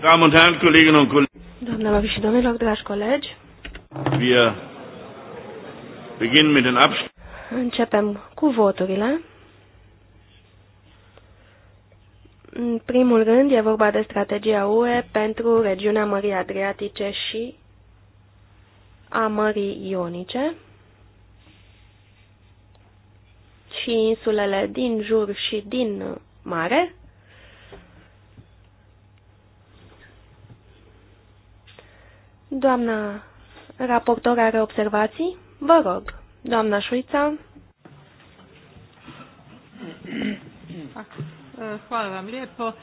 Doamnelor și domnilor, dragi colegi. Wir beginnen mit den Începem cu voturile. În primul rând e vorba de strategia UE pentru regiunea Mării Adriatice și a Mării Ionice și insulele din jur și din mare. Doamna raportor are observații? Vă rog, doamna Șuița. Eh, hvala vam lijepo.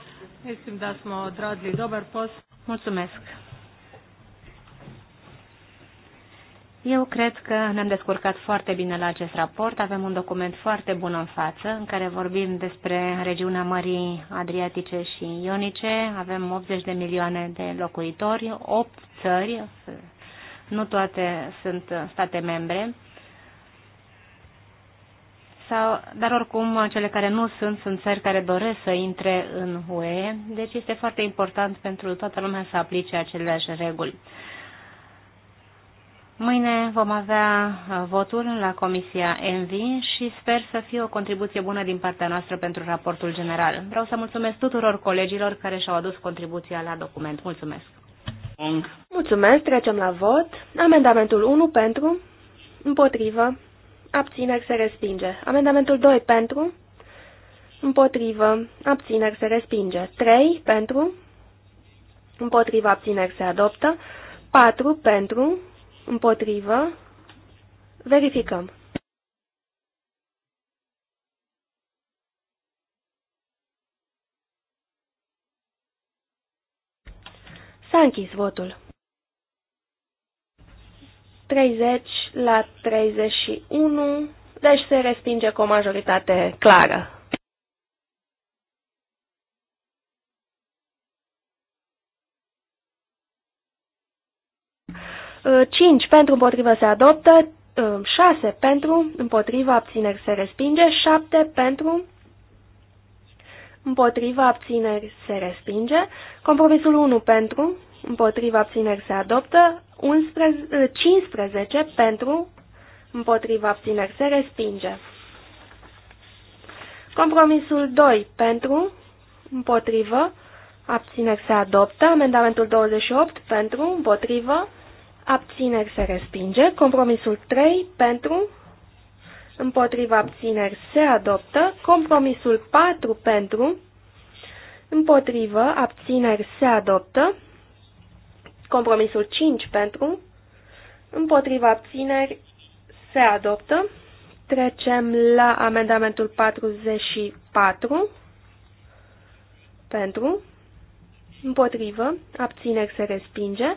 Mislim da smo odradili dobar post. Mulțumesc. Eu cred că ne-am descurcat foarte bine la acest raport. Avem un document foarte bun în față, în care vorbim despre regiunea Mării Adriatice și Ionice. Avem 80 de milioane de locuitori, 8 țări, nu toate sunt state membre. Sau, dar oricum, cele care nu sunt, sunt țări care doresc să intre în UE, deci este foarte important pentru toată lumea să aplice aceleași reguli. Mâine vom avea uh, votul la Comisia ENVI și sper să fie o contribuție bună din partea noastră pentru raportul general. Vreau să mulțumesc tuturor colegilor care și-au adus contribuția la document. Mulțumesc! Mulțumesc, trecem la vot. Amendamentul 1 pentru, împotrivă, abțineri se respinge. Amendamentul 2 pentru, împotrivă, abțineri se respinge. 3 pentru, împotrivă, abțineri se adoptă. 4 pentru, Împotrivă. Verificăm. S-a închis votul. 30 la 31, deci se respinge cu o majoritate clară. 5 uh, pentru împotrivă se adoptă, 6 uh, pentru împotrivă abțineri se respinge, 7 pentru împotrivă abțineri se respinge, compromisul 1 pentru, împotrivă abțineri se adoptă, 11, 15 uh, pentru, împotrivă abțineri se respinge. Compromisul 2 pentru, împotrivă, abțineri se adoptă, amendamentul 28 pentru, împotrivă, Abțineri se respinge. Compromisul 3 pentru. Împotriva abțineri se adoptă. Compromisul 4 pentru. Împotrivă abțineri se adoptă. Compromisul 5 pentru. Împotriva abțineri se adoptă. Trecem la amendamentul 44 pentru. Împotrivă abțineri se respinge.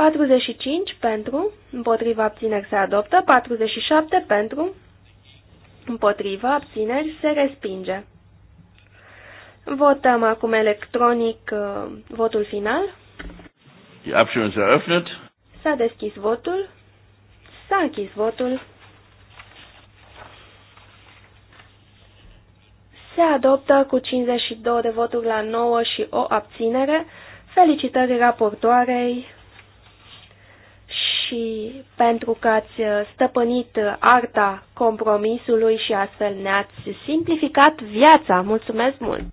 45 pentru, împotriva abțineri se adoptă, 47 pentru, împotriva abțineri se respinge. Votăm acum electronic uh, votul final. S-a deschis votul. S-a închis votul. Se adoptă cu 52 de voturi la 9 și o abținere. Felicitări raportoarei și pentru că ați stăpânit arta compromisului și astfel ne-ați simplificat viața. Mulțumesc mult!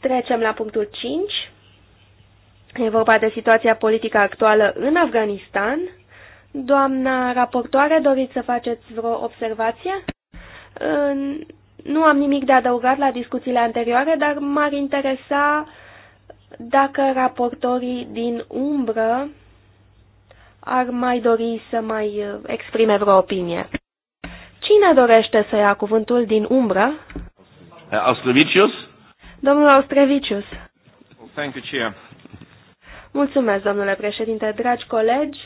Trecem la punctul 5. E vorba de situația politică actuală în Afganistan. Doamna raportoare, doriți să faceți vreo observație? Nu am nimic de adăugat la discuțiile anterioare, dar m-ar interesa uh, dacă raportorii din umbră ar mai dori să mai uh, exprime vreo opinie. Cine dorește să ia cuvântul din umbră? Austrevicius? Domnul Austrevicius. Thank you, Chair. Mulțumesc, domnule președinte, dragi colegi.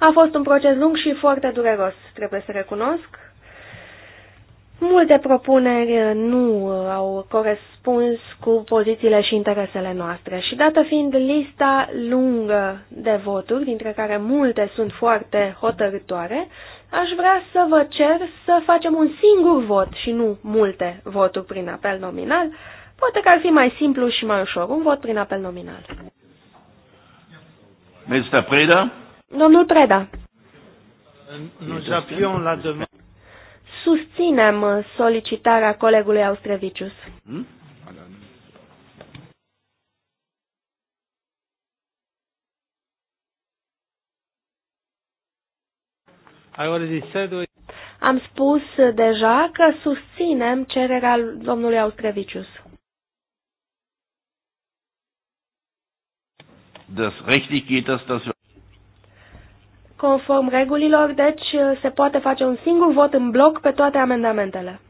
A fost un proces lung și foarte dureros, trebuie să recunosc. Multe propuneri uh, nu uh, au corespuns cu pozițiile și interesele noastre și dată fiind lista lungă de voturi, dintre care multe sunt foarte hotărătoare, aș vrea să vă cer să facem un singur vot și nu multe voturi prin apel nominal. Poate că ar fi mai simplu și mai ușor un vot prin apel nominal. Mr. Preda? Domnul Preda. Nous appuyons la susținem solicitarea colegului Austrevicius. Hmm? Am spus deja că susținem cererea domnului Austrevicius. Das richtig geht das, dass Conform regulilor, deci, uh, se poate face un singur vot în bloc pe toate amendamentele.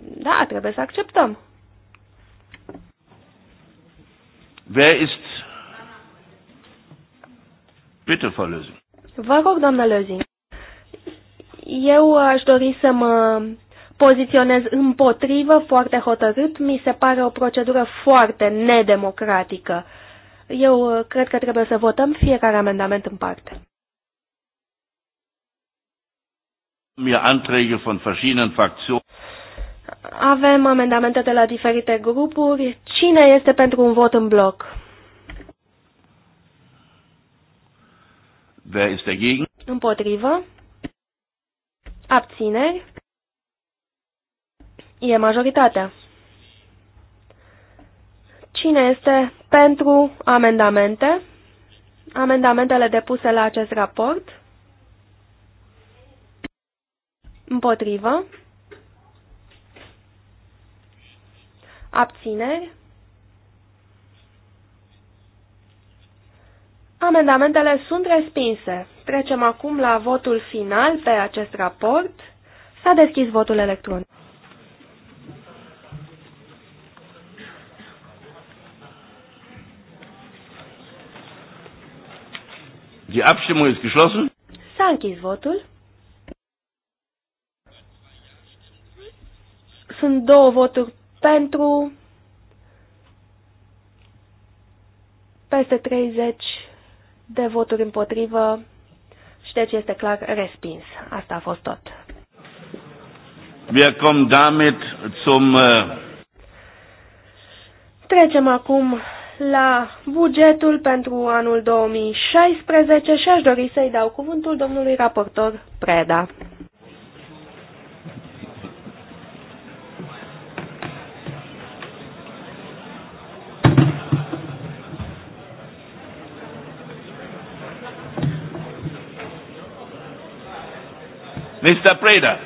Da, trebuie să acceptăm. Wer ist... Bitte, Frau Lösing. Vă rog, doamna Lösing. Eu aș dori să mă poziționez împotrivă foarte hotărât. Mi se pare o procedură foarte nedemocratică. Uh, eu uh, cred că trebuie să votăm fiecare amendament în parte. Avem amendamente de la diferite grupuri. Cine este pentru un vot în bloc? Wer ist dagegen? Împotrivă. Abțineri. E majoritatea. Cine este pentru amendamente? Amendamentele depuse la acest raport? Împotrivă? Abțineri? Amendamentele sunt respinse. Trecem acum la votul final pe acest raport. S-a deschis votul electronic. Die Abstimmung ist geschlossen. S-a închis votul. Sunt două voturi pentru, peste 30 de voturi împotrivă și deci este clar respins. Asta a fost tot. Wir kommen damit zum uh, Trecem acum la bugetul pentru anul 2016 și aș dori să-i dau cuvântul domnului raportor Preda. Mr. Preda,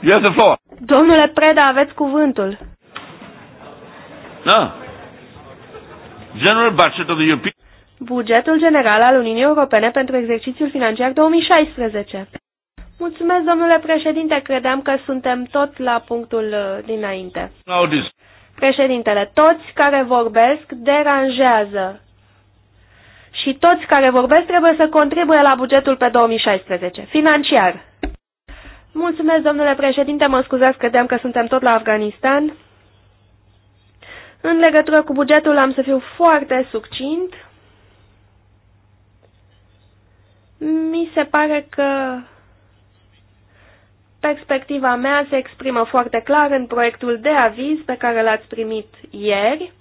you have the floor. Domnule Preda, aveți cuvântul. Da. No. Bugetul general al Uniunii Europene pentru exercițiul financiar 2016. Mulțumesc, domnule președinte, credeam că suntem tot la punctul uh, dinainte. Președintele, toți care vorbesc deranjează. Și toți care vorbesc trebuie să contribuie la bugetul pe 2016, financiar. Mulțumesc, domnule președinte, mă scuzați, credeam că suntem tot la Afganistan. În legătură cu bugetul am să fiu foarte succint. Mi se pare că perspectiva mea se exprimă foarte clar în proiectul de aviz pe care l-ați primit ieri,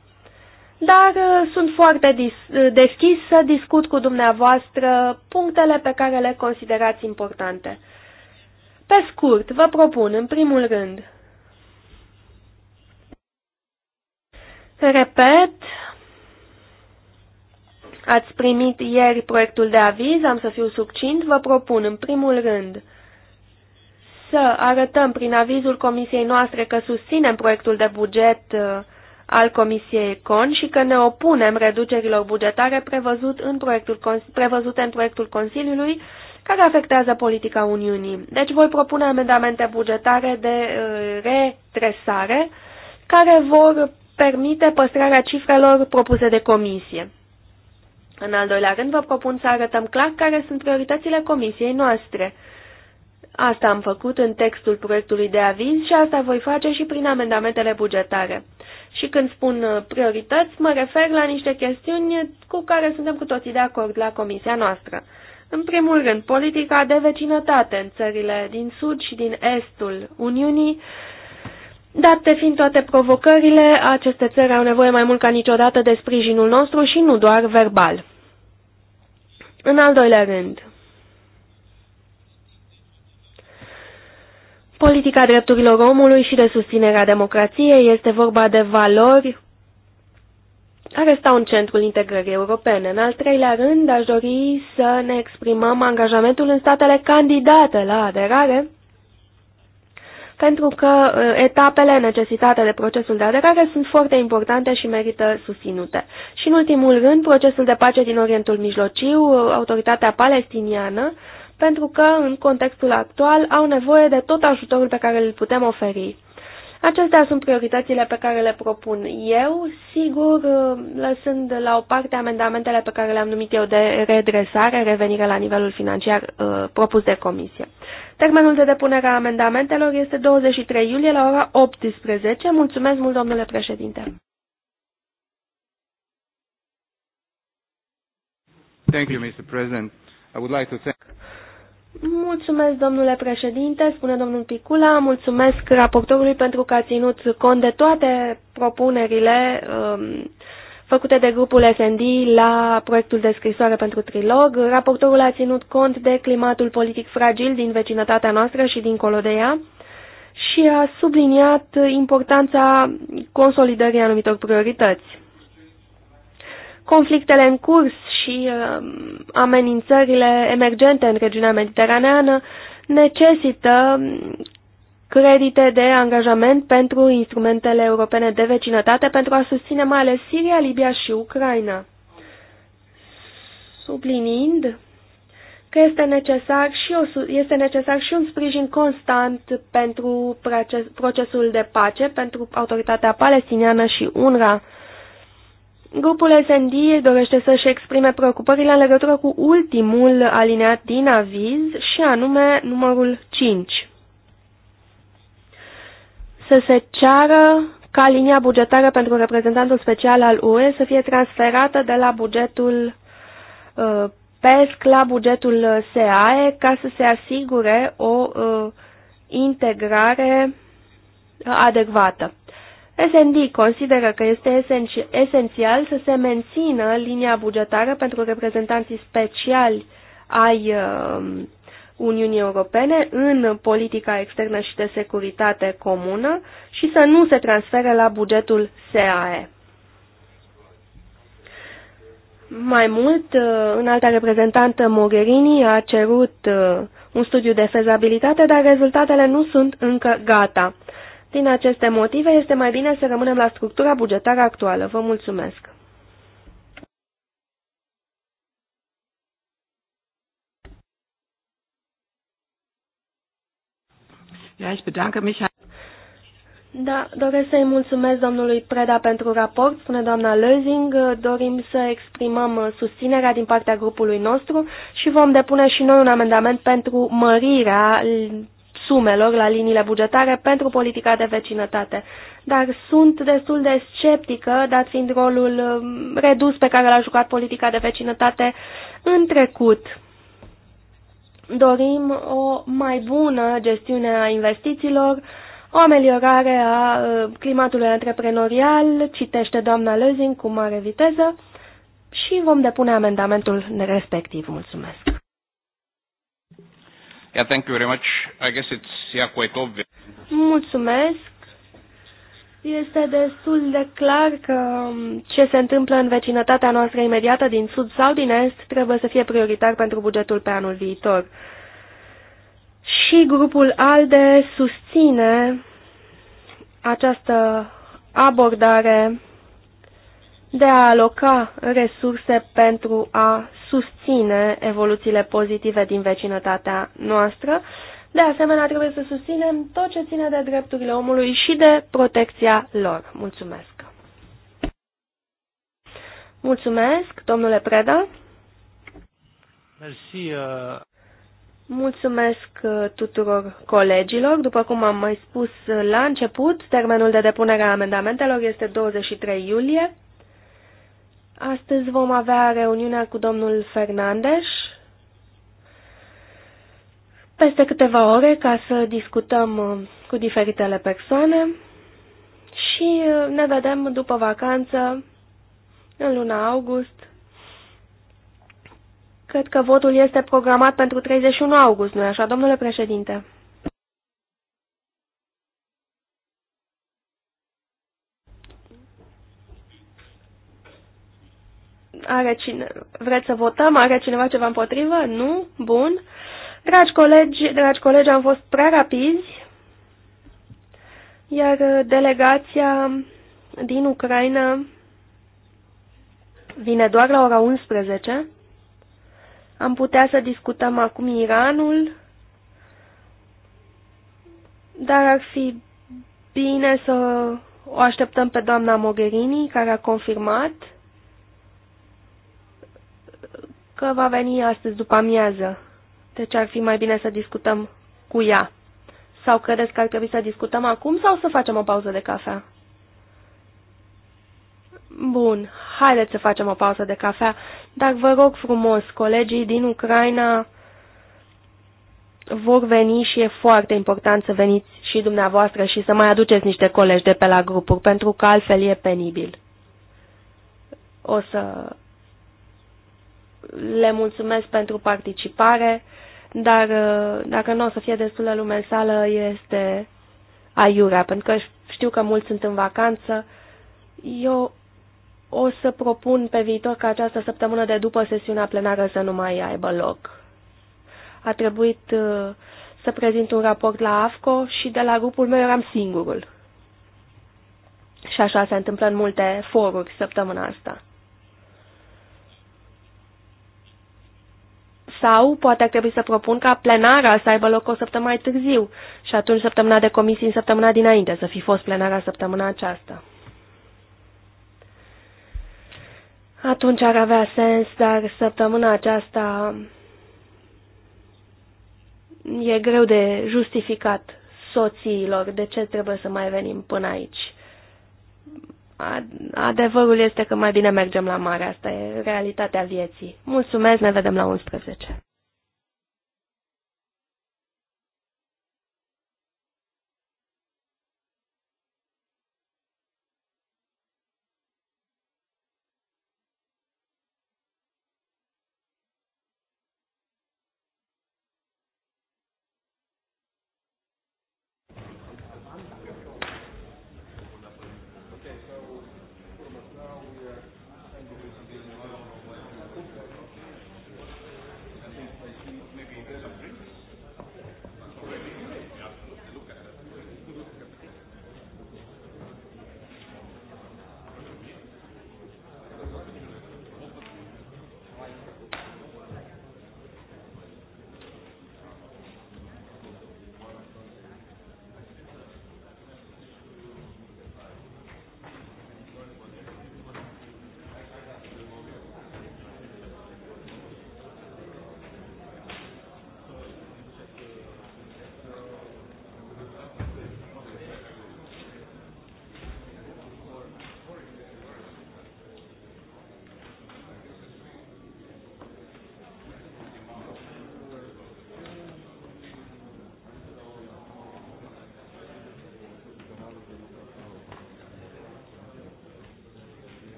dar uh, sunt foarte uh, deschis să discut cu dumneavoastră punctele pe care le considerați importante. Pe scurt, vă propun, în primul rând, Repet, ați primit ieri proiectul de aviz, am să fiu succint, vă propun în primul rând să arătăm prin avizul comisiei noastre că susținem proiectul de buget uh, al Comisiei Econ și că ne opunem reducerilor bugetare prevăzut în proiectul, prevăzute în proiectul Consiliului care afectează politica Uniunii. Deci voi propune amendamente bugetare de uh, retresare care vor permite păstrarea cifrelor propuse de comisie. În al doilea rând, vă propun să arătăm clar care sunt prioritățile comisiei noastre. Asta am făcut în textul proiectului de aviz și asta voi face și prin amendamentele bugetare. Și când spun uh, priorități, mă refer la niște chestiuni cu care suntem cu toții de acord la comisia noastră. În primul rând, politica de vecinătate în țările din sud și din estul Uniunii Date fiind toate provocările, aceste țări au nevoie mai mult ca niciodată de sprijinul nostru și nu doar verbal. În al doilea rând, politica drepturilor omului și de susținerea democrației este vorba de valori care stau în centrul integrării europene. În al treilea rând, aș dori să ne exprimăm angajamentul în statele candidate la aderare pentru că uh, etapele necesitate de procesul de aderare sunt foarte importante și merită susținute. Și în ultimul rând, procesul de pace din Orientul Mijlociu, uh, autoritatea palestiniană, pentru că în contextul actual au nevoie de tot ajutorul pe care îl putem oferi. Acestea sunt prioritățile pe care le propun eu, sigur, lăsând la o parte amendamentele pe care le-am numit eu de redresare, revenire la nivelul financiar uh, propus de comisie. Termenul de depunere a amendamentelor este 23 iulie la ora 18. Mulțumesc mult, domnule președinte. Thank you, Mr. President. I would like to thank Mulțumesc, domnule președinte, spune domnul Picula, mulțumesc raportorului pentru că a ținut cont de toate propunerile um, făcute de grupul SND la proiectul de scrisoare pentru trilog. Raportorul a ținut cont de climatul politic fragil din vecinătatea noastră și dincolo de ea și a subliniat importanța consolidării anumitor priorități conflictele în curs și uh, amenințările emergente în regiunea mediteraneană necesită credite de angajament pentru instrumentele europene de vecinătate pentru a susține mai ales Siria, Libia și Ucraina. Subliniind că este necesar și, o, este necesar și un sprijin constant pentru proces, procesul de pace, pentru autoritatea palestiniană și UNRWA. Grupul SND dorește să-și exprime preocupările în legătură cu ultimul alineat din aviz și anume numărul 5. Să se ceară ca linia bugetară pentru reprezentantul special al UE să fie transferată de la bugetul uh, PESC la bugetul SEAE ca să se asigure o uh, integrare adecvată. SND consideră că este esențial să se mențină linia bugetară pentru reprezentanții speciali ai um, Uniunii Europene în politica externă și de securitate comună și să nu se transfere la bugetul SAE. Mai mult, uh, în alta reprezentantă Mogherini a cerut uh, un studiu de fezabilitate, dar rezultatele nu sunt încă gata. Din aceste motive, este mai bine să rămânem la structura bugetară actuală. Vă mulțumesc! Da, doresc să-i mulțumesc domnului Preda pentru raport, spune doamna Lözing. Dorim să exprimăm susținerea din partea grupului nostru și vom depune și noi un amendament pentru mărirea sumelor la liniile bugetare pentru politica de vecinătate, dar sunt destul de sceptică, dat fiind rolul um, redus pe care l-a jucat politica de vecinătate în trecut. Dorim o mai bună gestiune a investițiilor, o ameliorare a uh, climatului antreprenorial, citește doamna Lezing cu mare viteză, și vom depune amendamentul respectiv. Mulțumesc. Yeah, thank you very much. I guess it's yeah, quite obvious. Mulțumesc. Este destul de clar că um, ce se întâmplă în vecinătatea noastră imediată din sud sau din est trebuie să fie prioritar pentru bugetul pe anul viitor. Și grupul ALDE susține această abordare de a aloca resurse pentru a susține evoluțiile pozitive din vecinătatea noastră. De asemenea, trebuie să susținem tot ce ține de drepturile omului și de protecția lor. Mulțumesc! Mulțumesc, domnule Preda! Mersi! Uh... Mulțumesc uh, tuturor colegilor. După cum am mai spus uh, la început, termenul de depunere a amendamentelor este 23 iulie Astăzi vom avea reuniunea cu domnul Fernandes peste câteva ore ca să discutăm uh, cu diferitele persoane și uh, ne vedem după vacanță în luna august. Cred că votul este programat pentru 31 august, nu-i așa, domnule președinte? Are cine... Vreți să votăm? Are cineva ceva împotrivă? Nu? Bun. Dragi colegi, dragi colegi, am fost prea rapizi, iar uh, delegația din Ucraina vine doar la ora 11. Am putea să discutăm acum Iranul, dar ar fi bine să o așteptăm pe doamna Mogherini, care a confirmat că va veni astăzi după amiază, deci ar fi mai bine să discutăm cu ea. Sau credeți că ar trebui să discutăm acum sau să facem o pauză de cafea? Bun, haideți să facem o pauză de cafea, dar vă rog frumos, colegii din Ucraina vor veni și e foarte important să veniți și dumneavoastră și să mai aduceți niște colegi de pe la grupuri, pentru că altfel e penibil. O să le mulțumesc pentru participare, dar uh, dacă nu o să fie destulă lume în sală, este aiurea, pentru că știu că mulți sunt în vacanță. Eu o să propun pe viitor ca această săptămână de după sesiunea plenară să nu mai aibă loc. A trebuit uh, să prezint un raport la AFCO și de la grupul meu eram singurul. Și așa se întâmplă în multe foruri săptămâna asta. sau poate ar trebui să propun ca plenara să aibă loc o săptămână mai târziu și atunci săptămâna de comisii în săptămâna dinainte să fi fost plenara săptămâna aceasta. Atunci ar avea sens, dar săptămâna aceasta e greu de justificat soțiilor de ce trebuie să mai venim până aici adevărul este că mai bine mergem la mare. Asta e realitatea vieții. Mulțumesc, ne vedem la 11.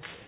Thank you.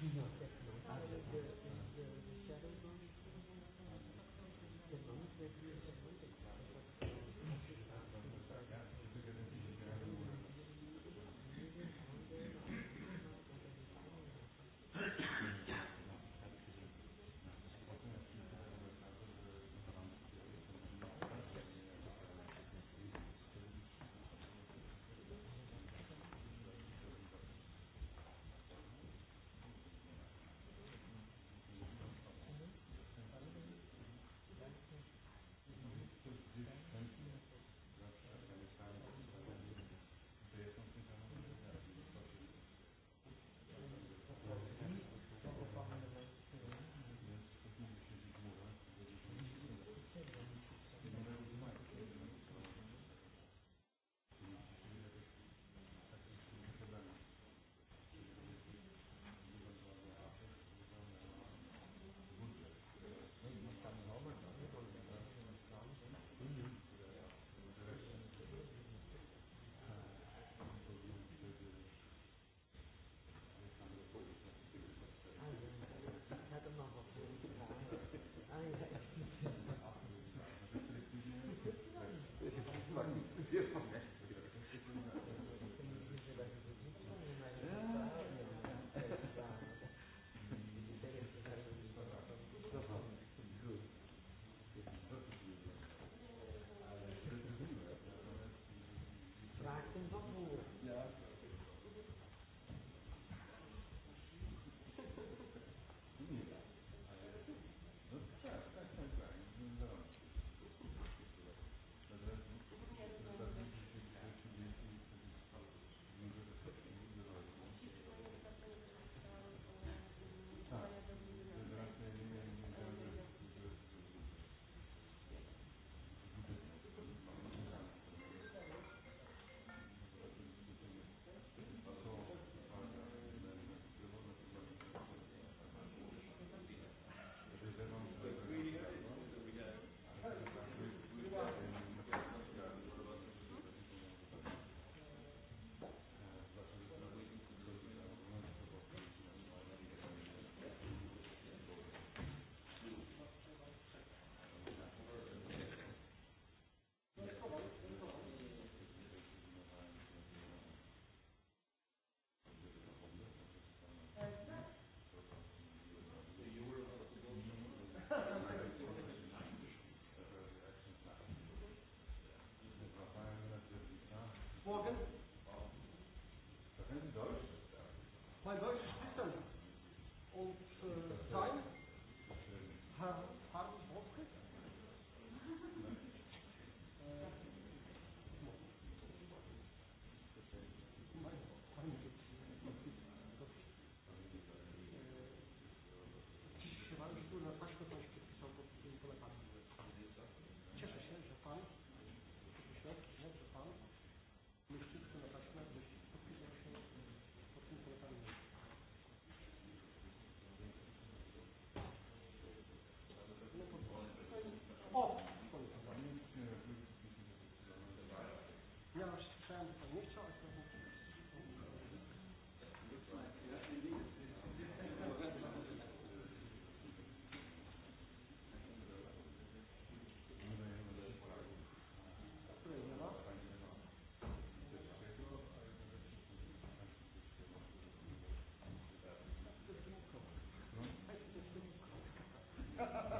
Thank you. Morgan? Warum? Da sind Deutsche. Mein Deutsch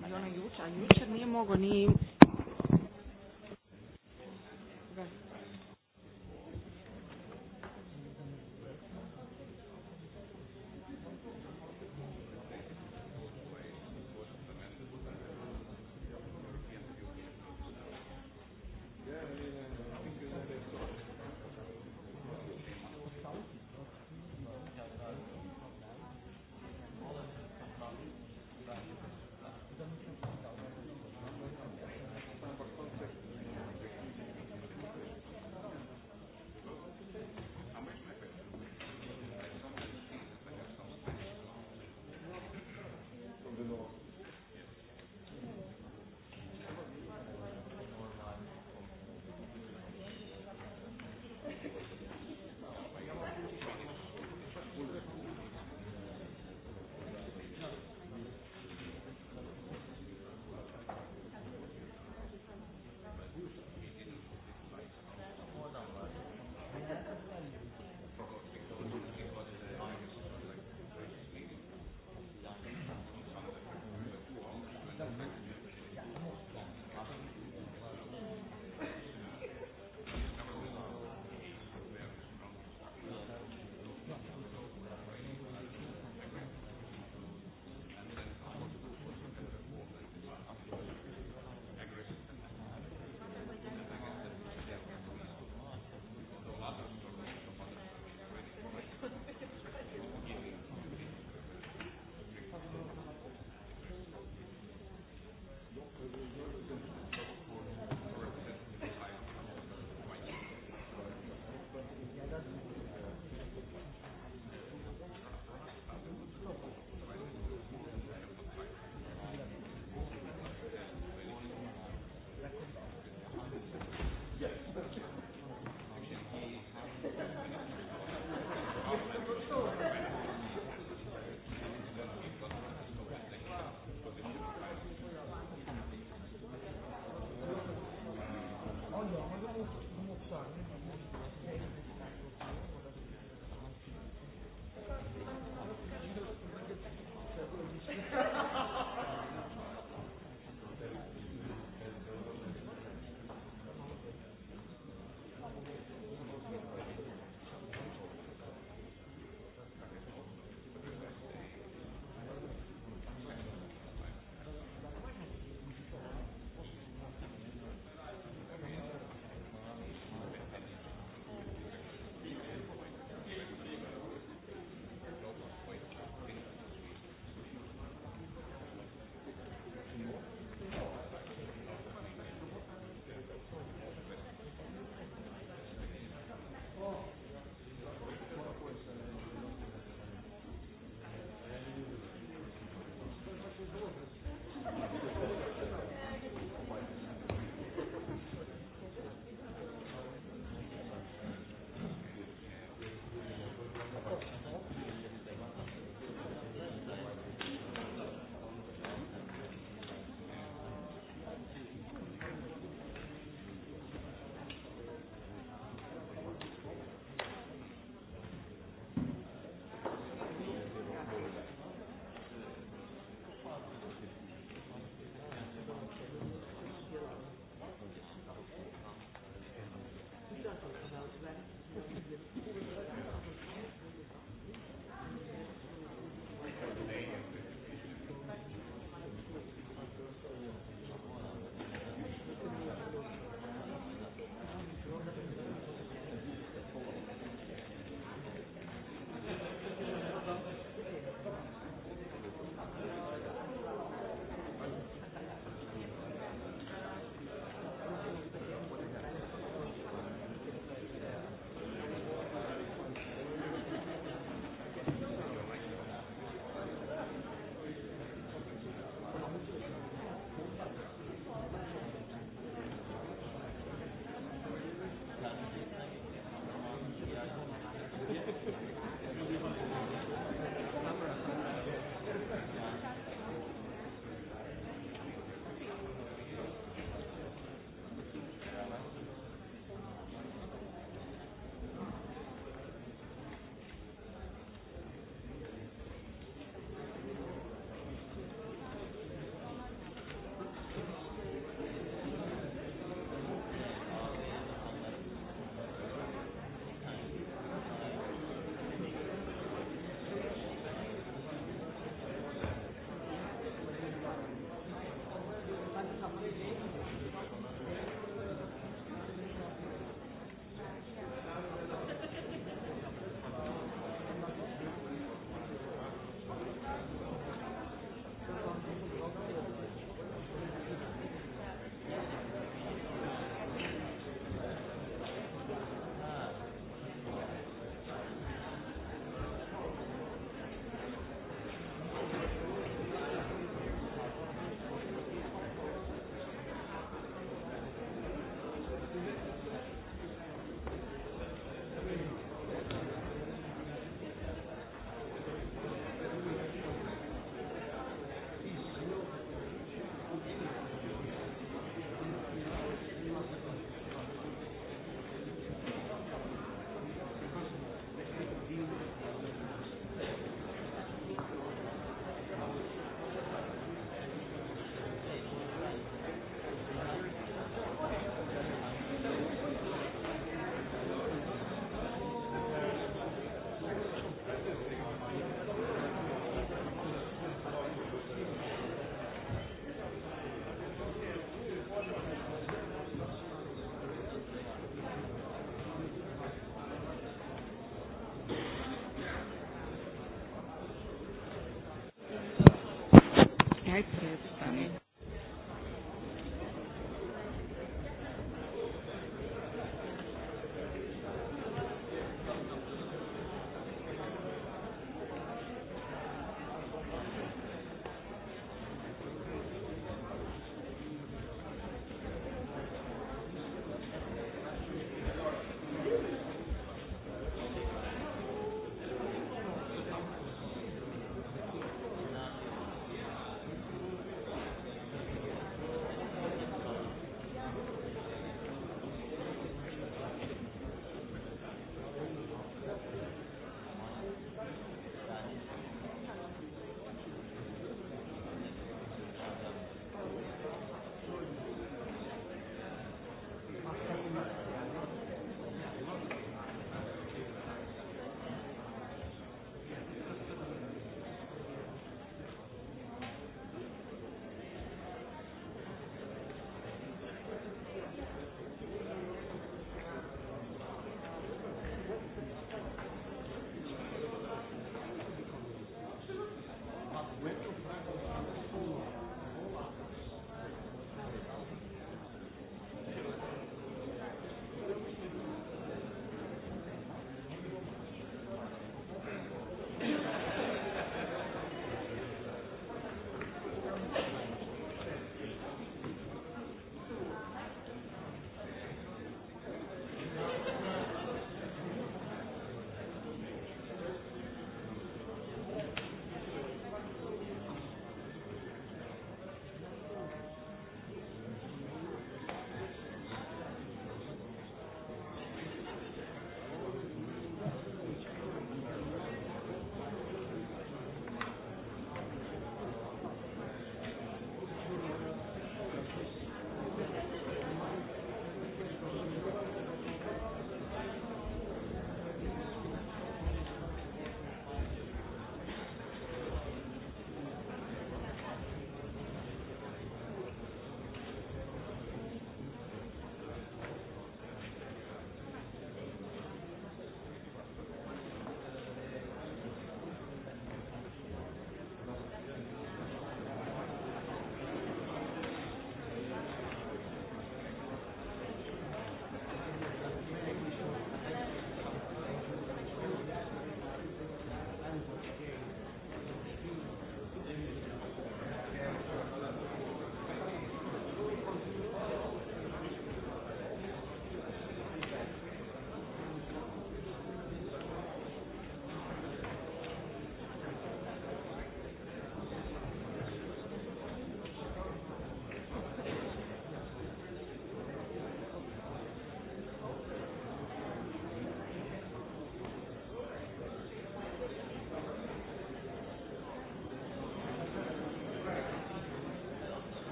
Ma ono jučer, a jučer nije mogo, ni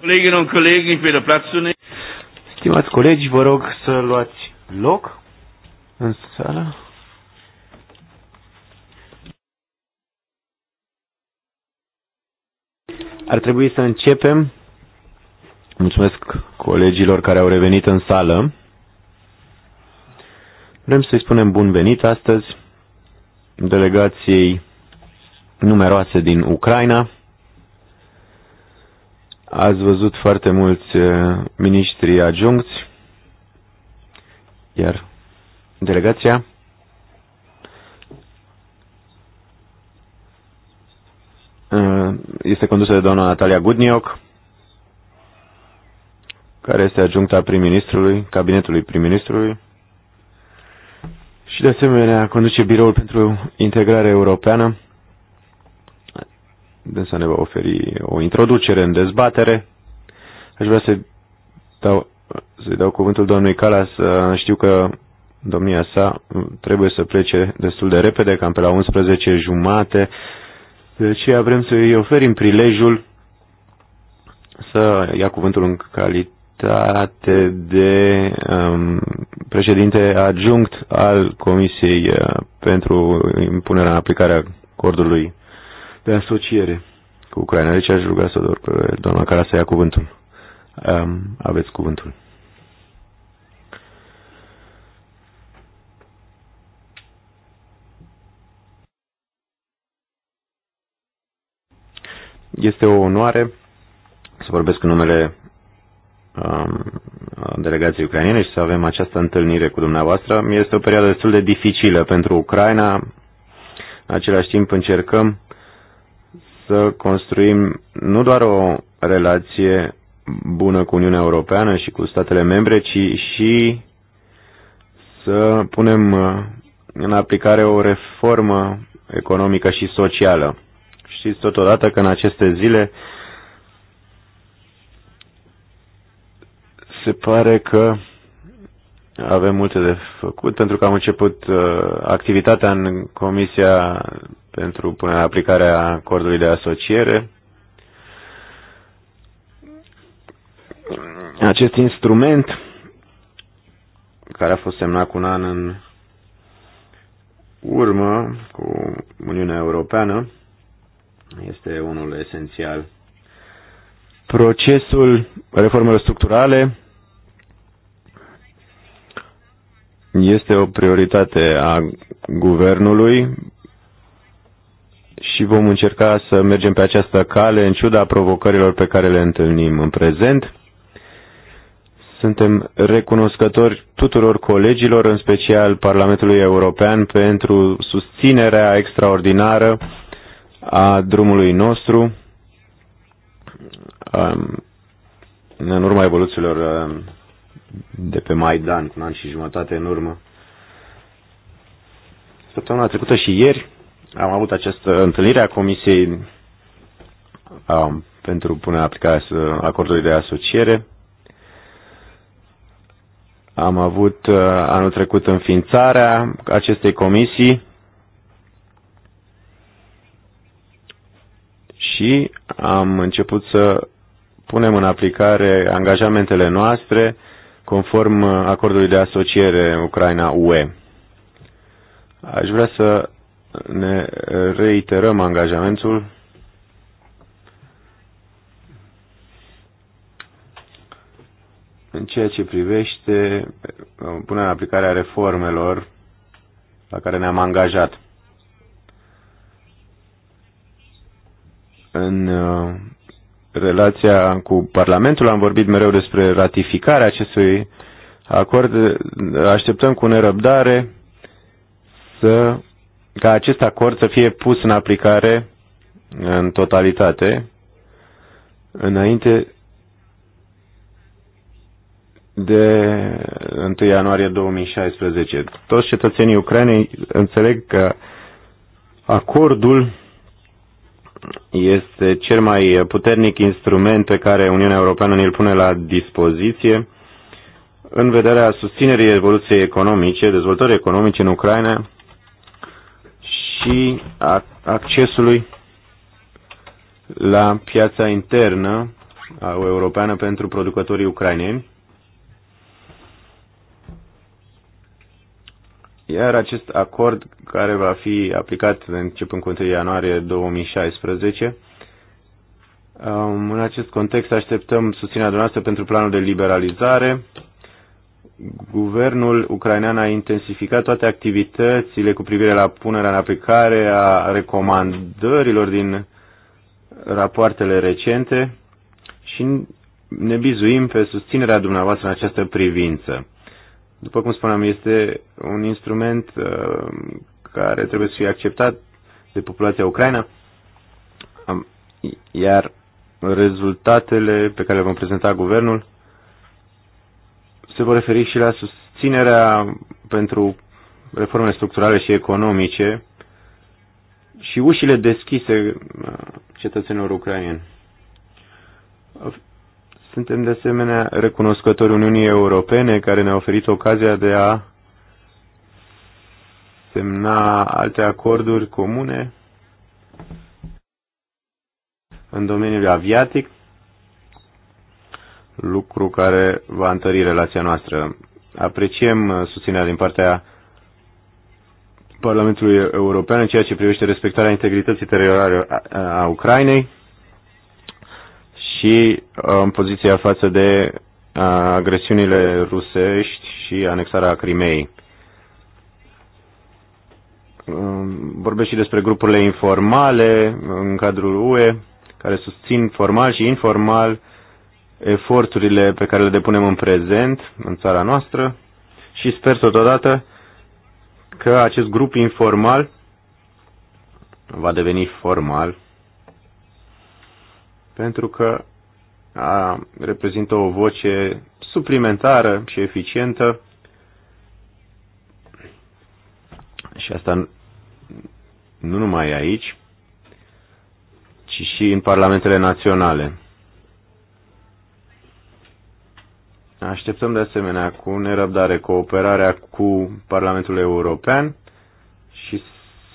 Colegilor, colegi, pe de bitte Stimați colegi, vă rog să luați loc în sală. Ar trebui să începem. Mulțumesc colegilor care au revenit în sală. Vrem să-i spunem bun venit astăzi delegației numeroase din Ucraina, Ați văzut foarte mulți eh, miniștri adjuncți, iar delegația eh, este condusă de doamna Natalia Gudnioc, care este adjuncta prim-ministrului, cabinetului prim-ministrului, și de asemenea conduce biroul pentru integrare europeană, de să ne va oferi o introducere în dezbatere. Aș vrea să dau, să dau cuvântul domnului Calas. Știu că domnia sa trebuie să plece destul de repede, cam pe la 11 jumate. De aceea vrem să i oferim prilejul să ia cuvântul în calitate de um, președinte adjunct al Comisiei uh, pentru impunerea în aplicare a acordului de asociere cu Ucraina. Deci aș ruga să doar doamna care să ia cuvântul. Um, aveți cuvântul. Este o onoare să vorbesc în numele um, delegației ucrainene și să avem această întâlnire cu dumneavoastră. Este o perioadă destul de dificilă pentru Ucraina. În același timp încercăm să construim nu doar o relație bună cu Uniunea Europeană și cu statele membre, ci și să punem uh, în aplicare o reformă economică și socială. Știți totodată că în aceste zile se pare că avem multe de făcut pentru că am început uh, activitatea în Comisia pentru punerea aplicarea acordului de asociere. Acest instrument care a fost semnat cu un an în urmă cu Uniunea Europeană este unul esențial. Procesul reformelor structurale este o prioritate a guvernului și vom încerca să mergem pe această cale în ciuda provocărilor pe care le întâlnim în prezent. Suntem recunoscători tuturor colegilor, în special Parlamentului European, pentru susținerea extraordinară a drumului nostru um, în urma evoluțiilor um, de pe Maidan, cu un an și jumătate în urmă. Săptămâna trecută și ieri am avut această întâlnire a Comisiei um, pentru punerea aplicarea acordului de asociere. Am avut uh, anul trecut înființarea acestei comisii și am început să punem în aplicare angajamentele noastre conform uh, acordului de asociere Ucraina-UE. Aș vrea să ne reiterăm angajamentul în ceea ce privește uh, punerea în aplicare a reformelor la care ne-am angajat. În uh, relația cu Parlamentul, am vorbit mereu despre ratificarea acestui acord. Așteptăm cu nerăbdare să, ca acest acord să fie pus în aplicare în totalitate înainte de 1 ianuarie 2016. Toți cetățenii Ucrainei înțeleg că acordul este cel mai puternic instrument pe care Uniunea Europeană îl pune la dispoziție în vederea susținerii evoluției economice, dezvoltării economice în Ucraina și a accesului la piața internă europeană pentru producătorii ucraineni Iar acest acord care va fi aplicat începând cu 1 ianuarie 2016, um, în acest context așteptăm susținerea dumneavoastră pentru planul de liberalizare. Guvernul ucrainean a intensificat toate activitățile cu privire la punerea în aplicare a recomandărilor din rapoartele recente și ne bizuim pe susținerea dumneavoastră în această privință. După cum spuneam, este un instrument uh, care trebuie să fie acceptat de populația Ucraina, iar rezultatele pe care le vom prezenta guvernul se vor referi și la susținerea pentru reformele structurale și economice și ușile deschise uh, cetățenilor ucrainieni. Suntem de asemenea recunoscători Uniunii Europene care ne-a oferit ocazia de a semna alte acorduri comune în domeniul aviatic, lucru care va întări relația noastră. Apreciem susținerea din partea Parlamentului European în ceea ce privește respectarea integrității teritoriale a Ucrainei și uh, în poziția față de uh, agresiunile rusești și anexarea Crimeei. Um, vorbesc și despre grupurile informale în cadrul UE, care susțin formal și informal eforturile pe care le depunem în prezent în țara noastră și sper totodată că acest grup informal va deveni formal pentru că a, reprezintă o voce suplimentară și eficientă și asta nu numai aici, ci și în parlamentele naționale. Așteptăm de asemenea cu nerăbdare cooperarea cu Parlamentul European și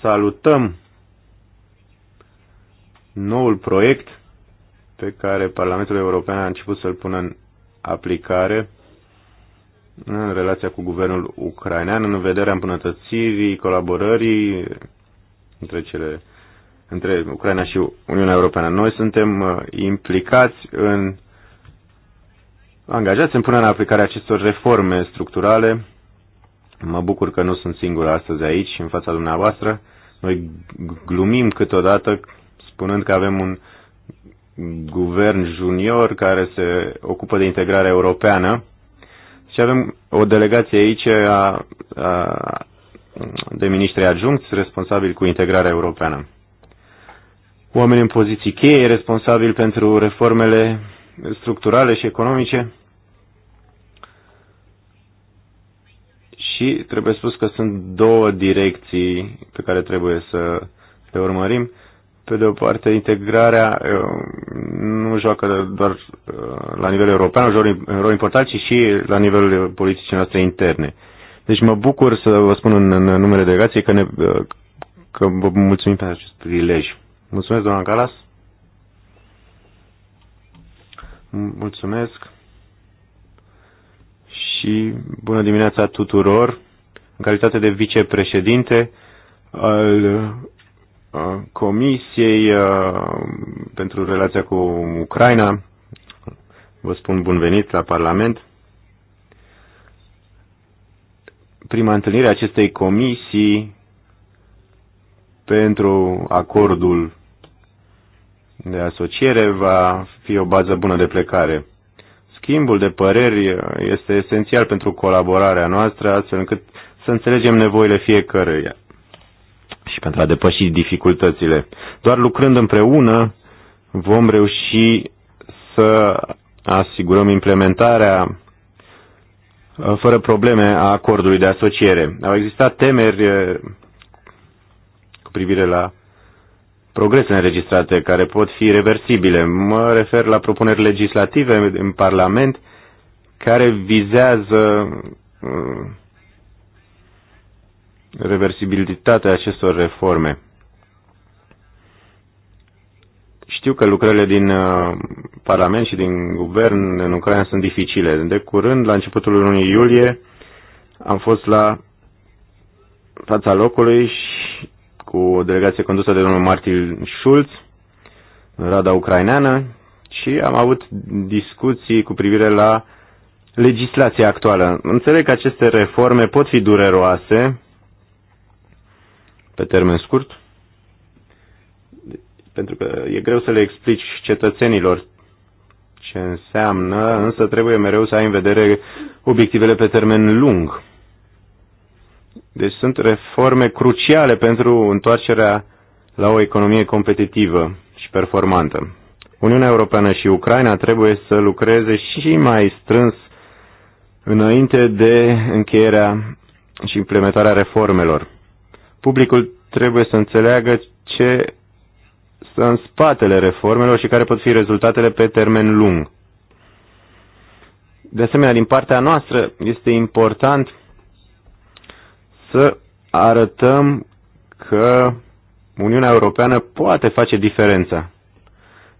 salutăm noul proiect pe care Parlamentul European a început să-l pună în aplicare în relația cu guvernul ucrainean în vederea îmbunătățirii colaborării între cele între Ucraina și Uniunea Europeană. Noi suntem uh, implicați în angajați în punerea în aplicare acestor reforme structurale. Mă bucur că nu sunt singur astăzi aici, în fața dumneavoastră. Noi glumim câteodată spunând că avem un uh, guvern junior care se ocupă de integrarea europeană și avem o delegație aici a, a, de ministri adjuncți responsabili cu integrarea europeană. Oameni în poziții cheie responsabili pentru reformele structurale și economice și trebuie spus că sunt două direcții pe care trebuie să le urmărim. Pe de o parte, integrarea nu joacă doar uh, la nivel european un rol important, ci și la nivelul politicii noastre interne. Deci mă bucur să vă spun în, în numele delegației că, ne, uh, că vă mulțumim pentru acest prilej. Mulțumesc, doamna Galas Mulțumesc. Și bună dimineața tuturor. În calitate de vicepreședinte al Comisiei pentru relația cu Ucraina. Vă spun bun venit la Parlament. Prima întâlnire a acestei comisii pentru acordul de asociere va fi o bază bună de plecare. Schimbul de păreri este esențial pentru colaborarea noastră, astfel încât să înțelegem nevoile fiecăruia și pentru a depăși dificultățile. Doar lucrând împreună vom reuși să asigurăm implementarea uh, fără probleme a acordului de asociere. Au existat temeri uh, cu privire la progresele înregistrate care pot fi reversibile. Mă refer la propuneri legislative în Parlament care vizează uh, reversibilitatea acestor reforme. Știu că lucrările din uh, Parlament și din Guvern în Ucraina sunt dificile. De curând, la începutul lunii iulie, am fost la fața locului și cu o delegație condusă de domnul Martin Schulz, Rada Ucraineană, și am avut discuții cu privire la legislația actuală. Înțeleg că aceste reforme pot fi dureroase, pe termen scurt, pentru că e greu să le explici cetățenilor ce înseamnă, însă trebuie mereu să ai în vedere obiectivele pe termen lung. Deci sunt reforme cruciale pentru întoarcerea la o economie competitivă și performantă. Uniunea Europeană și Ucraina trebuie să lucreze și mai strâns înainte de încheierea și implementarea reformelor publicul trebuie să înțeleagă ce stă în spatele reformelor și care pot fi rezultatele pe termen lung. De asemenea, din partea noastră este important să arătăm că Uniunea Europeană poate face diferența.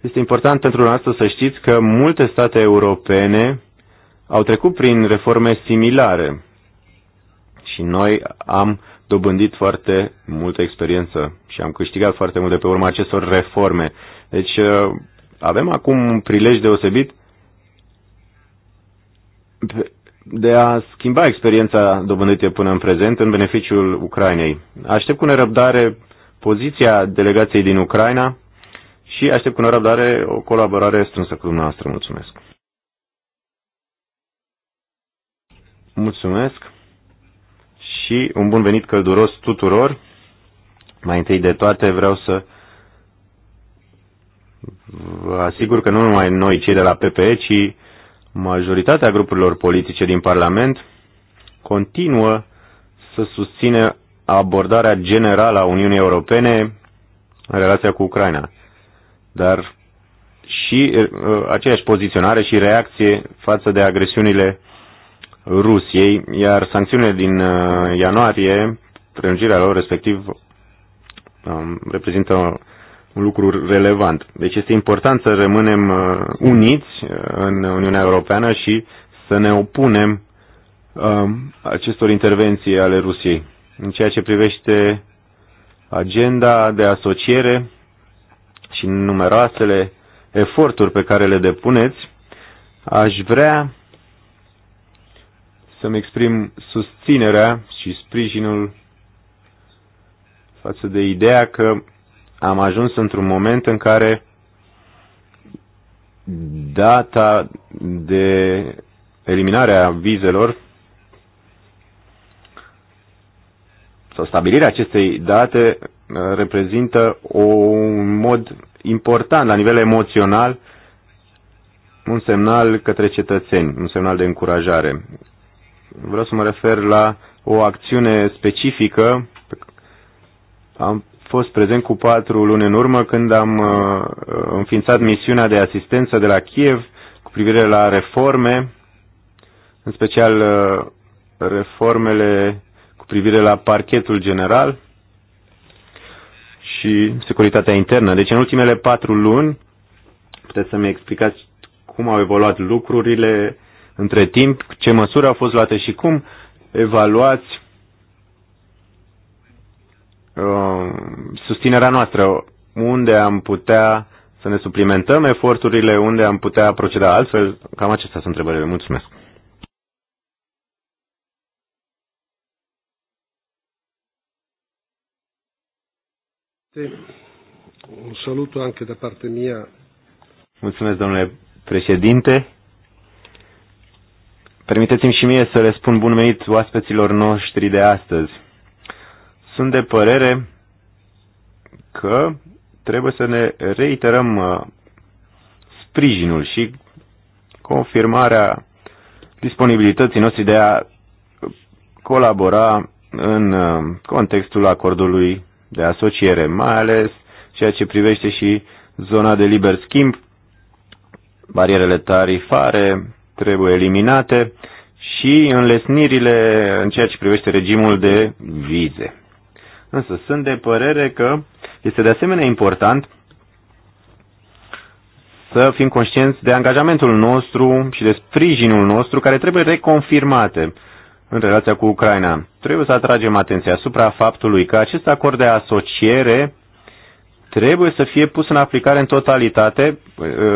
Este important pentru noastră să știți că multe state europene au trecut prin reforme similare și noi am dobândit foarte multă experiență și am câștigat foarte mult de pe urma acestor reforme. Deci uh, avem acum un prilej deosebit de a schimba experiența dobândită până în prezent în beneficiul Ucrainei. Aștept cu nerăbdare poziția delegației din Ucraina și aștept cu nerăbdare o colaborare strânsă cu dumneavoastră. Mulțumesc! Mulțumesc! și un bun venit călduros tuturor. Mai întâi de toate vreau să vă asigur că nu numai noi cei de la PPE, ci majoritatea grupurilor politice din Parlament continuă să susține abordarea generală a Uniunii Europene în relația cu Ucraina. Dar și uh, aceeași poziționare și reacție față de agresiunile Rusiei, iar sancțiunile din uh, ianuarie, prelungirea lor respectiv, um, reprezintă un lucru relevant. Deci este important să rămânem uh, uniți uh, în Uniunea Europeană și să ne opunem um, acestor intervenții ale Rusiei. În ceea ce privește agenda de asociere și numeroasele eforturi pe care le depuneți, aș vrea să-mi exprim susținerea și sprijinul față de ideea că am ajuns într-un moment în care data de eliminare a vizelor sau stabilirea acestei date uh, reprezintă un mod important la nivel emoțional un semnal către cetățeni, un semnal de încurajare vreau să mă refer la o acțiune specifică. Am fost prezent cu patru luni în urmă când am uh, înființat misiunea de asistență de la Kiev cu privire la reforme, în special uh, reformele cu privire la parchetul general și securitatea internă. Deci în ultimele patru luni, puteți să-mi explicați cum au evoluat lucrurile, între timp, ce măsuri au fost luate și cum evaluați uh, susținerea noastră, unde am putea să ne suplimentăm eforturile, unde am putea proceda altfel. Cam acestea sunt întrebările. Mulțumesc. Un salut anche da parte mia. Mulțumesc, domnule președinte. Permiteți-mi și mie să le spun bun venit oaspeților noștri de astăzi. Sunt de părere că trebuie să ne reiterăm uh, sprijinul și confirmarea disponibilității noastre de a colabora în uh, contextul acordului de asociere, mai ales ceea ce privește și zona de liber schimb, barierele tarifare, trebuie eliminate și înlesnirile în ceea ce privește regimul de vize. Însă sunt de părere că este de asemenea important să fim conștienți de angajamentul nostru și de sprijinul nostru care trebuie reconfirmate în relația cu Ucraina. Trebuie să atragem atenția asupra faptului că acest acord de asociere trebuie să fie pus în aplicare în totalitate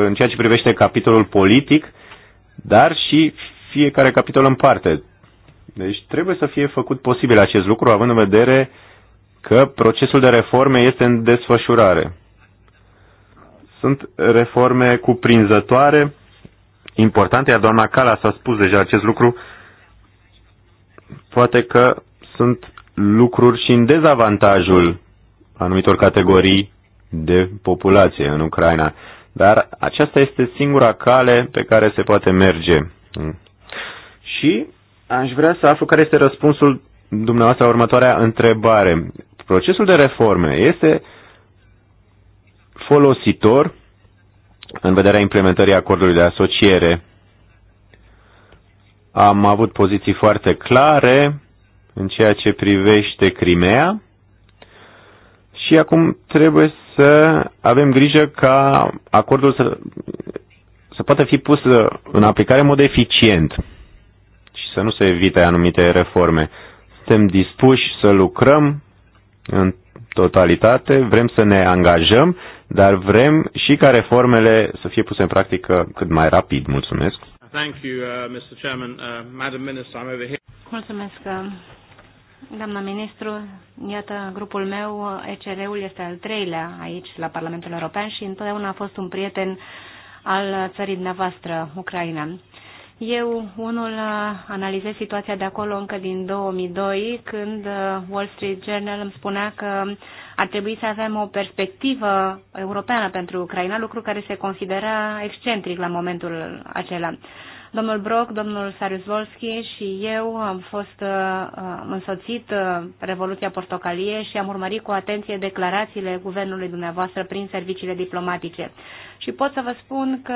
în ceea ce privește capitolul politic dar și fiecare capitol în parte. Deci trebuie să fie făcut posibil acest lucru, având în vedere că procesul de reforme este în desfășurare. Sunt reforme cuprinzătoare, importante, iar doamna Cala s-a spus deja acest lucru, poate că sunt lucruri și în dezavantajul anumitor categorii de populație în Ucraina. Dar aceasta este singura cale pe care se poate merge. Mm. Și aș vrea să aflu care este răspunsul dumneavoastră la următoarea întrebare. Procesul de reforme este folositor în vederea implementării acordului de asociere. Am avut poziții foarte clare în ceea ce privește Crimea și acum trebuie să avem grijă ca acordul să, să poată fi pus în aplicare în mod eficient și să nu se evite anumite reforme. Suntem dispuși să lucrăm în totalitate, vrem să ne angajăm, dar vrem și ca reformele să fie puse în practică cât mai rapid. Mulțumesc! Thank you, uh, Mr. Chairman. Uh, Madam Minister, I'm over here. Mulțumesc, uh, Doamna ministru, iată, grupul meu, ECR-ul, este al treilea aici, la Parlamentul European și întotdeauna a fost un prieten al țării dumneavoastră, Ucraina. Eu, unul, analizez situația de acolo încă din 2002, când uh, Wall Street Journal îmi spunea că ar trebui să avem o perspectivă europeană pentru Ucraina, lucru care se considera excentric la momentul acela. Domnul Brock, domnul Sarizvolski și eu am fost am uh, uh, însoțit uh, Revoluția Portocalie și am urmărit cu atenție declarațiile guvernului dumneavoastră prin serviciile diplomatice. Și pot să vă spun că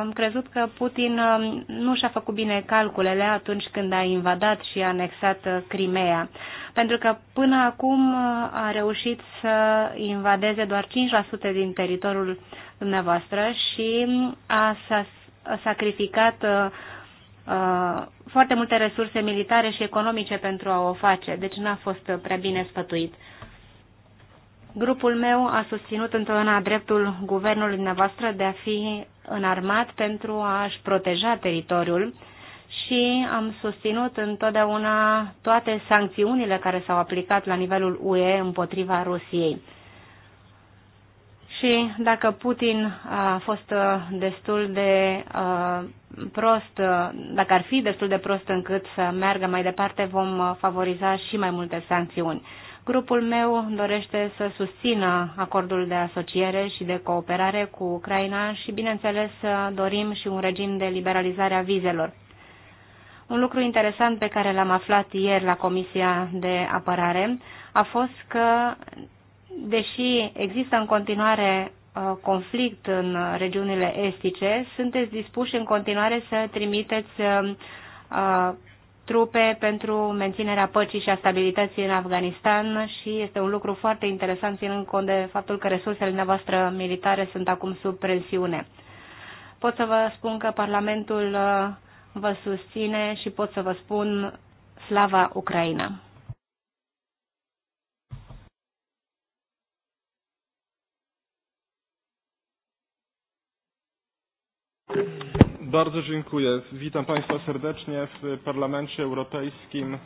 am crezut că Putin nu și-a făcut bine calculele atunci când a invadat și a anexat Crimea. Pentru că până acum a reușit să invadeze doar 5% din teritoriul dumneavoastră și a, sacrificat uh, uh, foarte multe resurse militare și economice pentru a o face, deci n-a fost prea bine sfătuit. Grupul meu a susținut întotdeauna dreptul guvernului dumneavoastră de a fi înarmat pentru a-și proteja teritoriul și am susținut întotdeauna toate sancțiunile care s-au aplicat la nivelul UE împotriva Rusiei și dacă Putin a fost uh, destul de uh, prost, uh, dacă ar fi destul de prost încât să meargă mai departe, vom favoriza și mai multe sancțiuni. Grupul meu dorește să susțină acordul de asociere și de cooperare cu Ucraina și, bineînțeles, dorim și un regim de liberalizare a vizelor. Un lucru interesant pe care l-am aflat ieri la Comisia de Apărare a fost că deși există în continuare uh, conflict în regiunile estice, sunteți dispuși în continuare să trimiteți uh, uh, trupe pentru menținerea păcii și a stabilității în Afganistan și este un lucru foarte interesant ținând cont de faptul că resursele noastre militare sunt acum sub presiune. Pot să vă spun că Parlamentul vă susține și pot să vă spun slava Ucraina. Bardzo dziękuję. Witam Państwa serdecznie w Parlamencie Europejskim.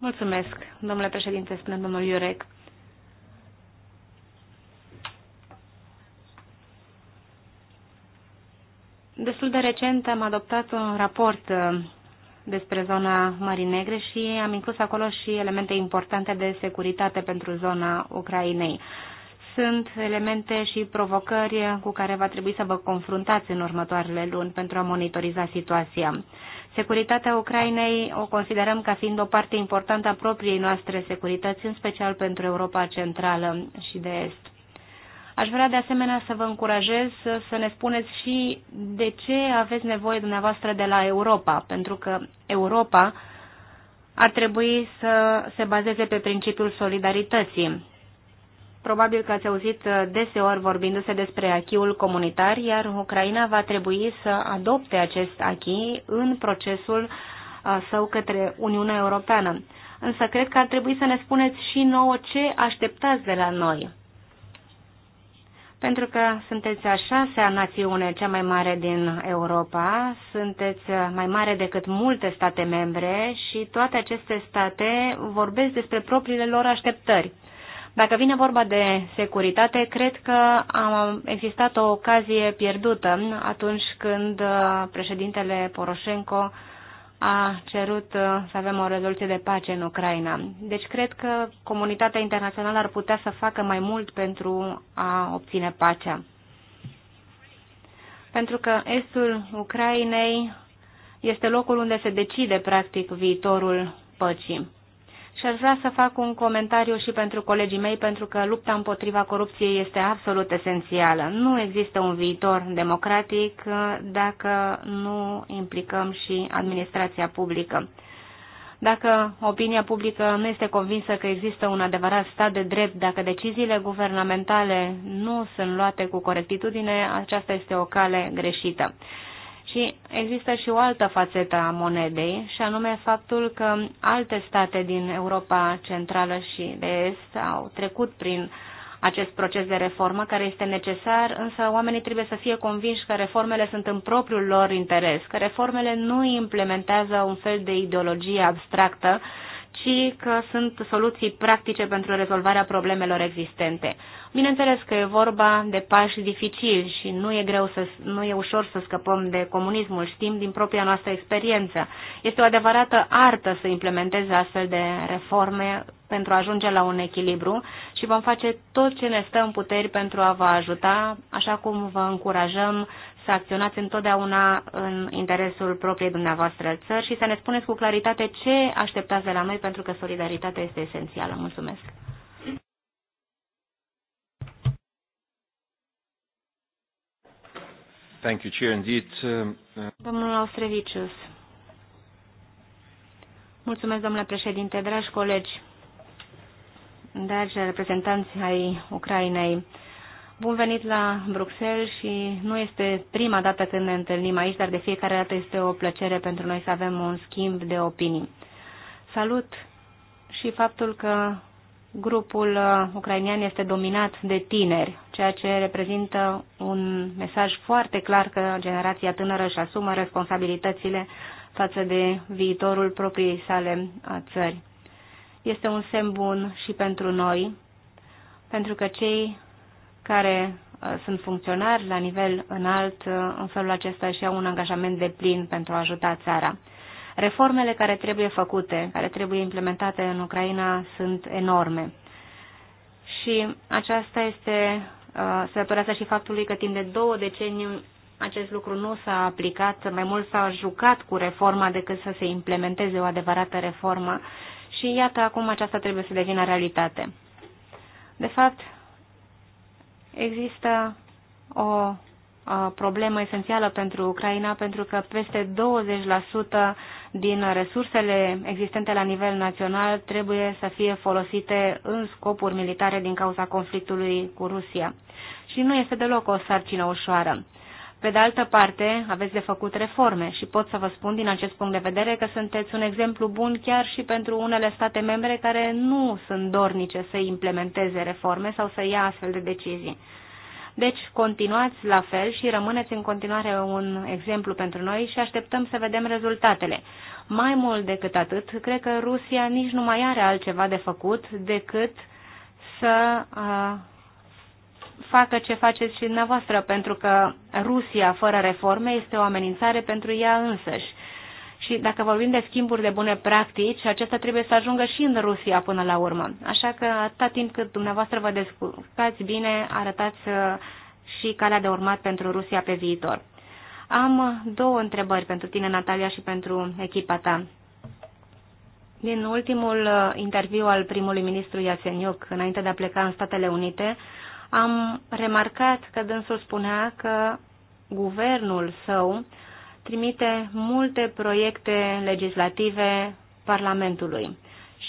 Mulțumesc, domnule președinte, spune domnul Jurek. Destul de recent am adoptat un raport uh, despre zona Mării Negre și am inclus acolo și elemente importante de securitate pentru zona Ucrainei sunt elemente și provocări cu care va trebui să vă confruntați în următoarele luni pentru a monitoriza situația. Securitatea Ucrainei o considerăm ca fiind o parte importantă a propriei noastre securități, în special pentru Europa Centrală și de Est. Aș vrea de asemenea să vă încurajez să ne spuneți și de ce aveți nevoie dumneavoastră de la Europa, pentru că Europa ar trebui să se bazeze pe principiul solidarității. Probabil că ați auzit uh, deseori vorbindu-se despre achiul comunitar, iar Ucraina va trebui să adopte acest achi în procesul uh, său către Uniunea Europeană. Însă cred că ar trebui să ne spuneți și nouă ce așteptați de la noi. Pentru că sunteți a șasea națiune cea mai mare din Europa, sunteți uh, mai mare decât multe state membre și toate aceste state vorbesc despre propriile lor așteptări. Dacă vine vorba de securitate, cred că a existat o ocazie pierdută atunci când uh, președintele Poroșenko a cerut uh, să avem o rezoluție de pace în Ucraina. Deci cred că comunitatea internațională ar putea să facă mai mult pentru a obține pacea. Pentru că estul Ucrainei este locul unde se decide practic viitorul păcii. Și aș vrea să fac un comentariu și pentru colegii mei, pentru că lupta împotriva corupției este absolut esențială. Nu există un viitor democratic dacă nu implicăm și administrația publică. Dacă opinia publică nu este convinsă că există un adevărat stat de drept, dacă deciziile guvernamentale nu sunt luate cu corectitudine, aceasta este o cale greșită. Și există și o altă fațetă a monedei, și anume faptul că alte state din Europa Centrală și de Est au trecut prin acest proces de reformă care este necesar, însă oamenii trebuie să fie convinși că reformele sunt în propriul lor interes, că reformele nu implementează un fel de ideologie abstractă, ci că sunt soluții practice pentru rezolvarea problemelor existente. Bineînțeles că e vorba de pași dificili și nu e, greu să, nu e ușor să scăpăm de comunismul, știm din propria noastră experiență. Este o adevărată artă să implementeze astfel de reforme pentru a ajunge la un echilibru și vom face tot ce ne stă în puteri pentru a vă ajuta, așa cum vă încurajăm să acționați întotdeauna în interesul propriei dumneavoastră țări și să ne spuneți cu claritate ce așteptați de la noi, pentru că solidaritatea este esențială. Mulțumesc! Thank you, Chair. Indeed, um, uh, Domnul Austrevicius. Mulțumesc, domnule președinte, dragi colegi, dragi reprezentanți ai Ucrainei. Bun venit la Bruxelles și nu este prima dată când ne întâlnim aici, dar de fiecare dată este o plăcere pentru noi să avem un schimb de opinii. Salut și faptul că grupul uh, ucrainian este dominat de tineri, ceea ce reprezintă un mesaj foarte clar că generația tânără își asumă responsabilitățile față de viitorul propriei sale a țări. Este un semn bun și pentru noi, pentru că cei care uh, sunt funcționari la nivel înalt, uh, în felul acesta și au un angajament de plin pentru a ajuta țara. Reformele care trebuie făcute, care trebuie implementate în Ucraina, sunt enorme. Și aceasta este, uh, se datorează și faptului că timp de două decenii acest lucru nu s-a aplicat, mai mult s-a jucat cu reforma decât să se implementeze o adevărată reformă. Și iată, acum aceasta trebuie să devină realitate. De fapt, Există o problemă esențială pentru Ucraina, pentru că peste 20% din resursele existente la nivel național trebuie să fie folosite în scopuri militare din cauza conflictului cu Rusia. Și nu este deloc o sarcină ușoară. Pe de altă parte, aveți de făcut reforme și pot să vă spun din acest punct de vedere că sunteți un exemplu bun chiar și pentru unele state membre care nu sunt dornice să implementeze reforme sau să ia astfel de decizii. Deci, continuați la fel și rămâneți în continuare un exemplu pentru noi și așteptăm să vedem rezultatele. Mai mult decât atât, cred că Rusia nici nu mai are altceva de făcut decât să uh, facă ce faceți și dumneavoastră, pentru că Rusia fără reforme este o amenințare pentru ea însăși. Și dacă vorbim de schimburi de bune practici, acesta trebuie să ajungă și în Rusia până la urmă. Așa că atâta timp cât dumneavoastră vă descurcați bine, arătați uh, și calea de urmat pentru Rusia pe viitor. Am două întrebări pentru tine, Natalia, și pentru echipa ta. Din ultimul uh, interviu al primului ministru Iaseniuc, înainte de a pleca în Statele Unite, am remarcat că dânsul spunea că guvernul său trimite multe proiecte legislative Parlamentului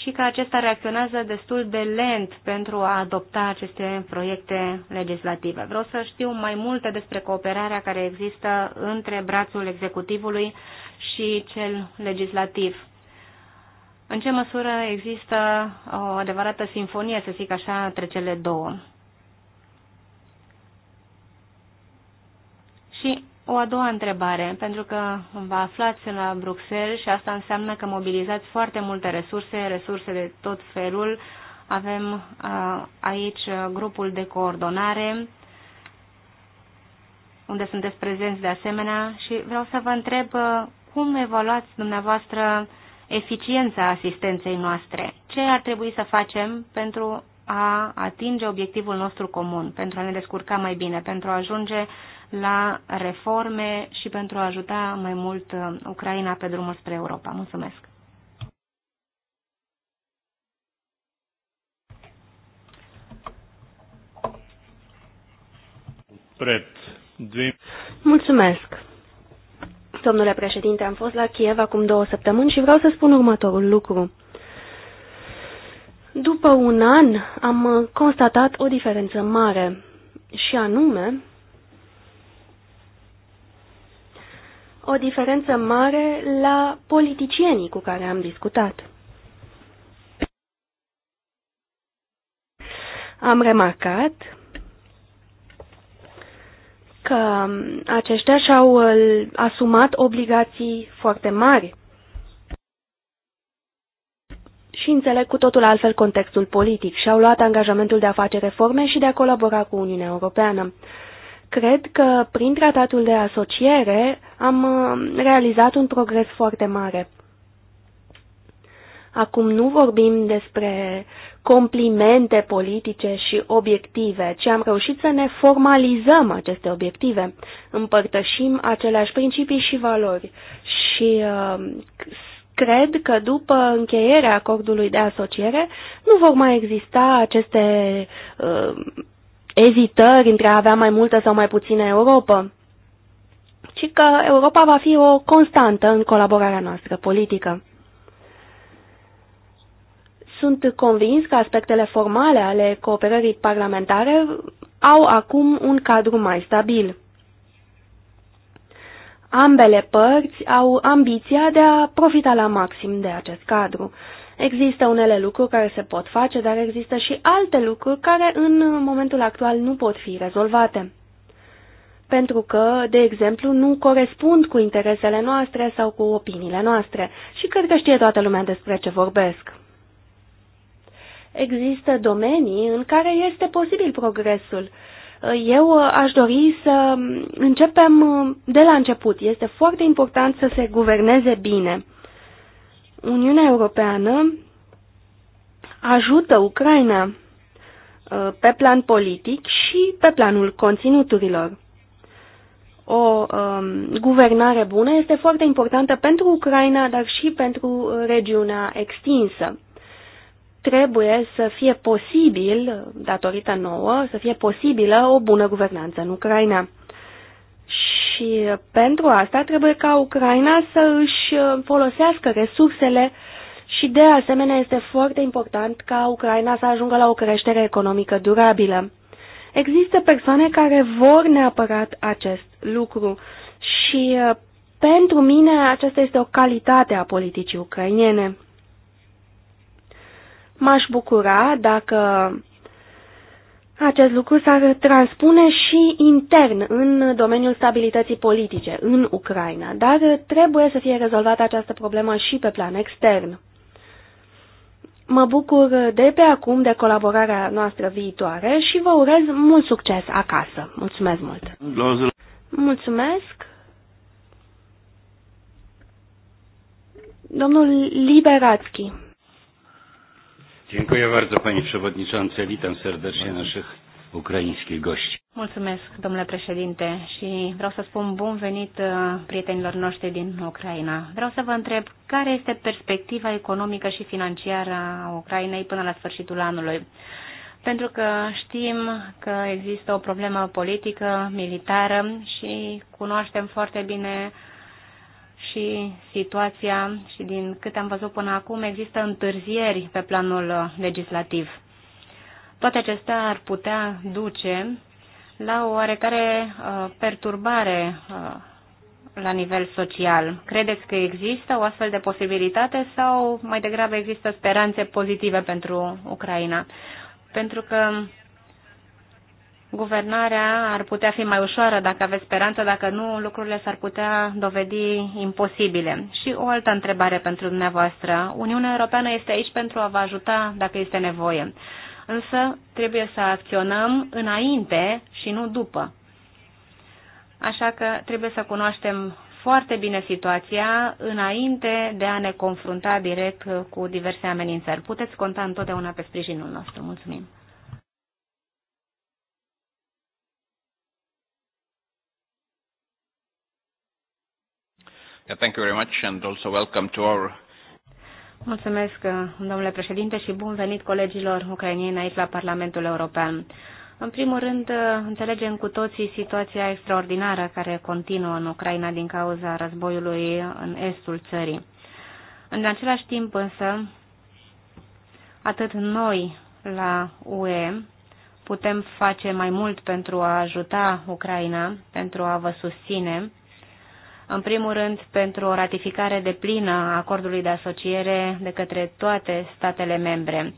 și că acesta reacționează destul de lent pentru a adopta aceste proiecte legislative. Vreau să știu mai multe despre cooperarea care există între brațul executivului și cel legislativ. În ce măsură există o adevărată sinfonie, să zic așa, între cele două? Și o a doua întrebare, pentru că vă aflați la Bruxelles și asta înseamnă că mobilizați foarte multe resurse, resurse de tot felul. Avem aici grupul de coordonare, unde sunteți prezenți de asemenea și vreau să vă întreb cum evaluați dumneavoastră eficiența asistenței noastre. Ce ar trebui să facem pentru a atinge obiectivul nostru comun, pentru a ne descurca mai bine, pentru a ajunge uh, la reforme și pentru a ajuta mai mult uh, Ucraina pe drumul spre Europa. Mulțumesc! Mulțumesc! Domnule președinte, am fost la Kiev acum două săptămâni și vreau să spun următorul lucru. După un an am constatat o diferență mare și anume o diferență mare la politicienii cu care am discutat. Am remarcat că aceștia și-au uh, asumat obligații foarte mari și înțeleg cu totul altfel contextul politic și au luat angajamentul de a face reforme și de a colabora cu Uniunea Europeană. Cred că prin tratatul de asociere am uh, realizat un progres foarte mare. Acum nu vorbim despre complimente politice și obiective, ci am reușit să ne formalizăm aceste obiective. Împărtășim aceleași principii și valori și uh, cred că după încheierea acordului de asociere nu vor mai exista aceste uh, ezitări între a avea mai multă sau mai puțină Europa, ci că Europa va fi o constantă în colaborarea noastră politică. Sunt convins că aspectele formale ale cooperării parlamentare au acum un cadru mai stabil. Ambele părți au ambiția de a profita la maxim de acest cadru. Există unele lucruri care se pot face, dar există și alte lucruri care în momentul actual nu pot fi rezolvate. Pentru că, de exemplu, nu corespund cu interesele noastre sau cu opiniile noastre și cred că știe toată lumea despre ce vorbesc. Există domenii în care este posibil progresul. Eu aș dori să începem de la început. Este foarte important să se guverneze bine Uniunea Europeană ajută Ucraina uh, pe plan politic și pe planul conținuturilor. O um, guvernare bună este foarte importantă pentru Ucraina, dar și pentru uh, regiunea extinsă. Trebuie să fie posibil, datorită nouă, să fie posibilă o bună guvernanță în Ucraina. Și uh, pentru asta trebuie ca Ucraina să își uh, folosească resursele și de asemenea este foarte important ca Ucraina să ajungă la o creștere economică durabilă. Există persoane care vor neapărat acest lucru și uh, pentru mine aceasta este o calitate a politicii ucrainene. M-aș bucura dacă acest lucru s-ar transpune și intern în domeniul stabilității politice în Ucraina, dar trebuie să fie rezolvată această problemă și pe plan extern. Mă bucur de pe acum de colaborarea noastră viitoare și vă urez mult succes acasă. Mulțumesc mult! Mulțumesc! Domnul Liberațchi. Dziękuję bardzo Panie Przewodniczący. Witam serdecznie naszych ukraińskich gości. Mulțumesc, domnule președinte, și vreau să spun bun venit uh, prietenilor noștri din Ucraina. Vreau să vă întreb care este perspectiva economică și financiară a Ucrainei până la sfârșitul anului. Pentru că știm că există o problemă politică, militară și cunoaștem foarte bine uh, și situația și din câte am văzut până acum există întârzieri pe planul uh, legislativ. Toate acestea ar putea duce la o oarecare uh, perturbare uh, la nivel social. Credeți că există o astfel de posibilitate sau mai degrabă există speranțe pozitive pentru Ucraina? Pentru că guvernarea ar putea fi mai ușoară dacă aveți speranță, dacă nu, lucrurile s-ar putea dovedi imposibile. Și o altă întrebare pentru dumneavoastră. Uniunea Europeană este aici pentru a vă ajuta dacă este nevoie. Însă trebuie să acționăm înainte și nu după. Așa că trebuie să cunoaștem foarte bine situația înainte de a ne confrunta direct cu diverse amenințări. Puteți conta întotdeauna pe sprijinul nostru. Mulțumim! Yeah, thank you very much and also welcome to our Mulțumesc, domnule președinte, și bun venit colegilor ucrainieni aici la Parlamentul European. În primul rând, înțelegem cu toții situația extraordinară care continuă în Ucraina din cauza războiului în estul țării. În același timp însă, atât noi la UE putem face mai mult pentru a ajuta Ucraina, pentru a vă susține în primul rând, pentru o ratificare de plină a acordului de asociere de către toate statele membre.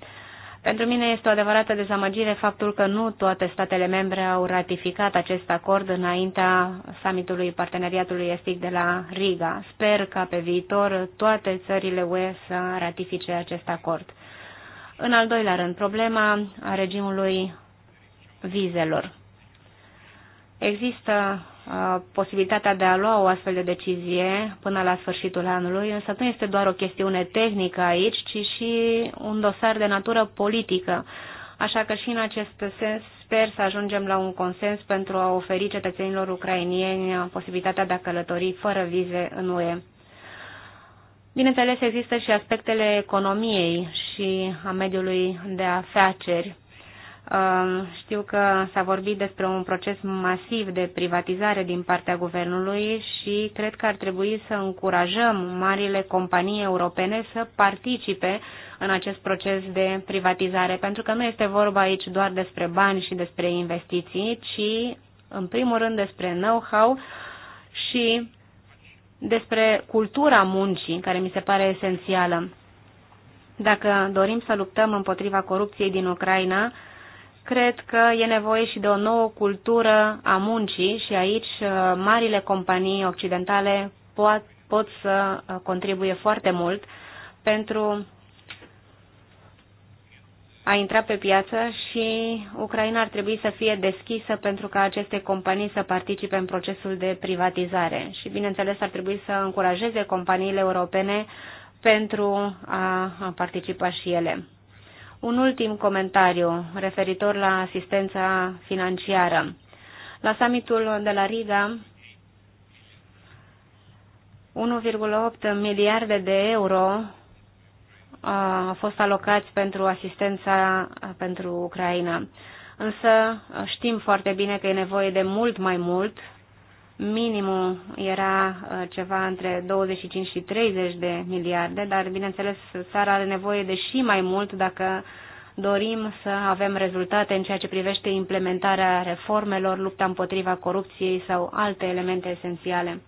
Pentru mine este o adevărată dezamăgire faptul că nu toate statele membre au ratificat acest acord înaintea summitului parteneriatului estic de la Riga. Sper ca pe viitor toate țările UE să ratifice acest acord. În al doilea rând, problema a regimului vizelor. Există Uh, posibilitatea de a lua o astfel de decizie până la sfârșitul anului, însă nu este doar o chestiune tehnică aici, ci și un dosar de natură politică. Așa că și în acest sens sper să ajungem la un consens pentru a oferi cetățenilor ucrainieni posibilitatea de a călători fără vize în UE. Bineînțeles, există și aspectele economiei și a mediului de afaceri Um, știu că s-a vorbit despre un proces masiv de privatizare din partea guvernului și cred că ar trebui să încurajăm marile companii europene să participe în acest proces de privatizare, pentru că nu este vorba aici doar despre bani și despre investiții, ci în primul rând despre know-how și despre cultura muncii, care mi se pare esențială. Dacă dorim să luptăm împotriva corupției din Ucraina, Cred că e nevoie și de o nouă cultură a muncii și aici uh, marile companii occidentale pot, pot să uh, contribuie foarte mult pentru a intra pe piață și Ucraina ar trebui să fie deschisă pentru ca aceste companii să participe în procesul de privatizare. Și, bineînțeles, ar trebui să încurajeze companiile europene pentru a participa și ele. Un ultim comentariu referitor la asistența financiară. La summitul de la Riga, 1,8 miliarde de euro au fost alocați pentru asistența pentru Ucraina. Însă știm foarte bine că e nevoie de mult mai mult minimul era uh, ceva între 25 și 30 de miliarde, dar bineînțeles țara are nevoie de și mai mult dacă dorim să avem rezultate în ceea ce privește implementarea reformelor, lupta împotriva corupției sau alte elemente esențiale.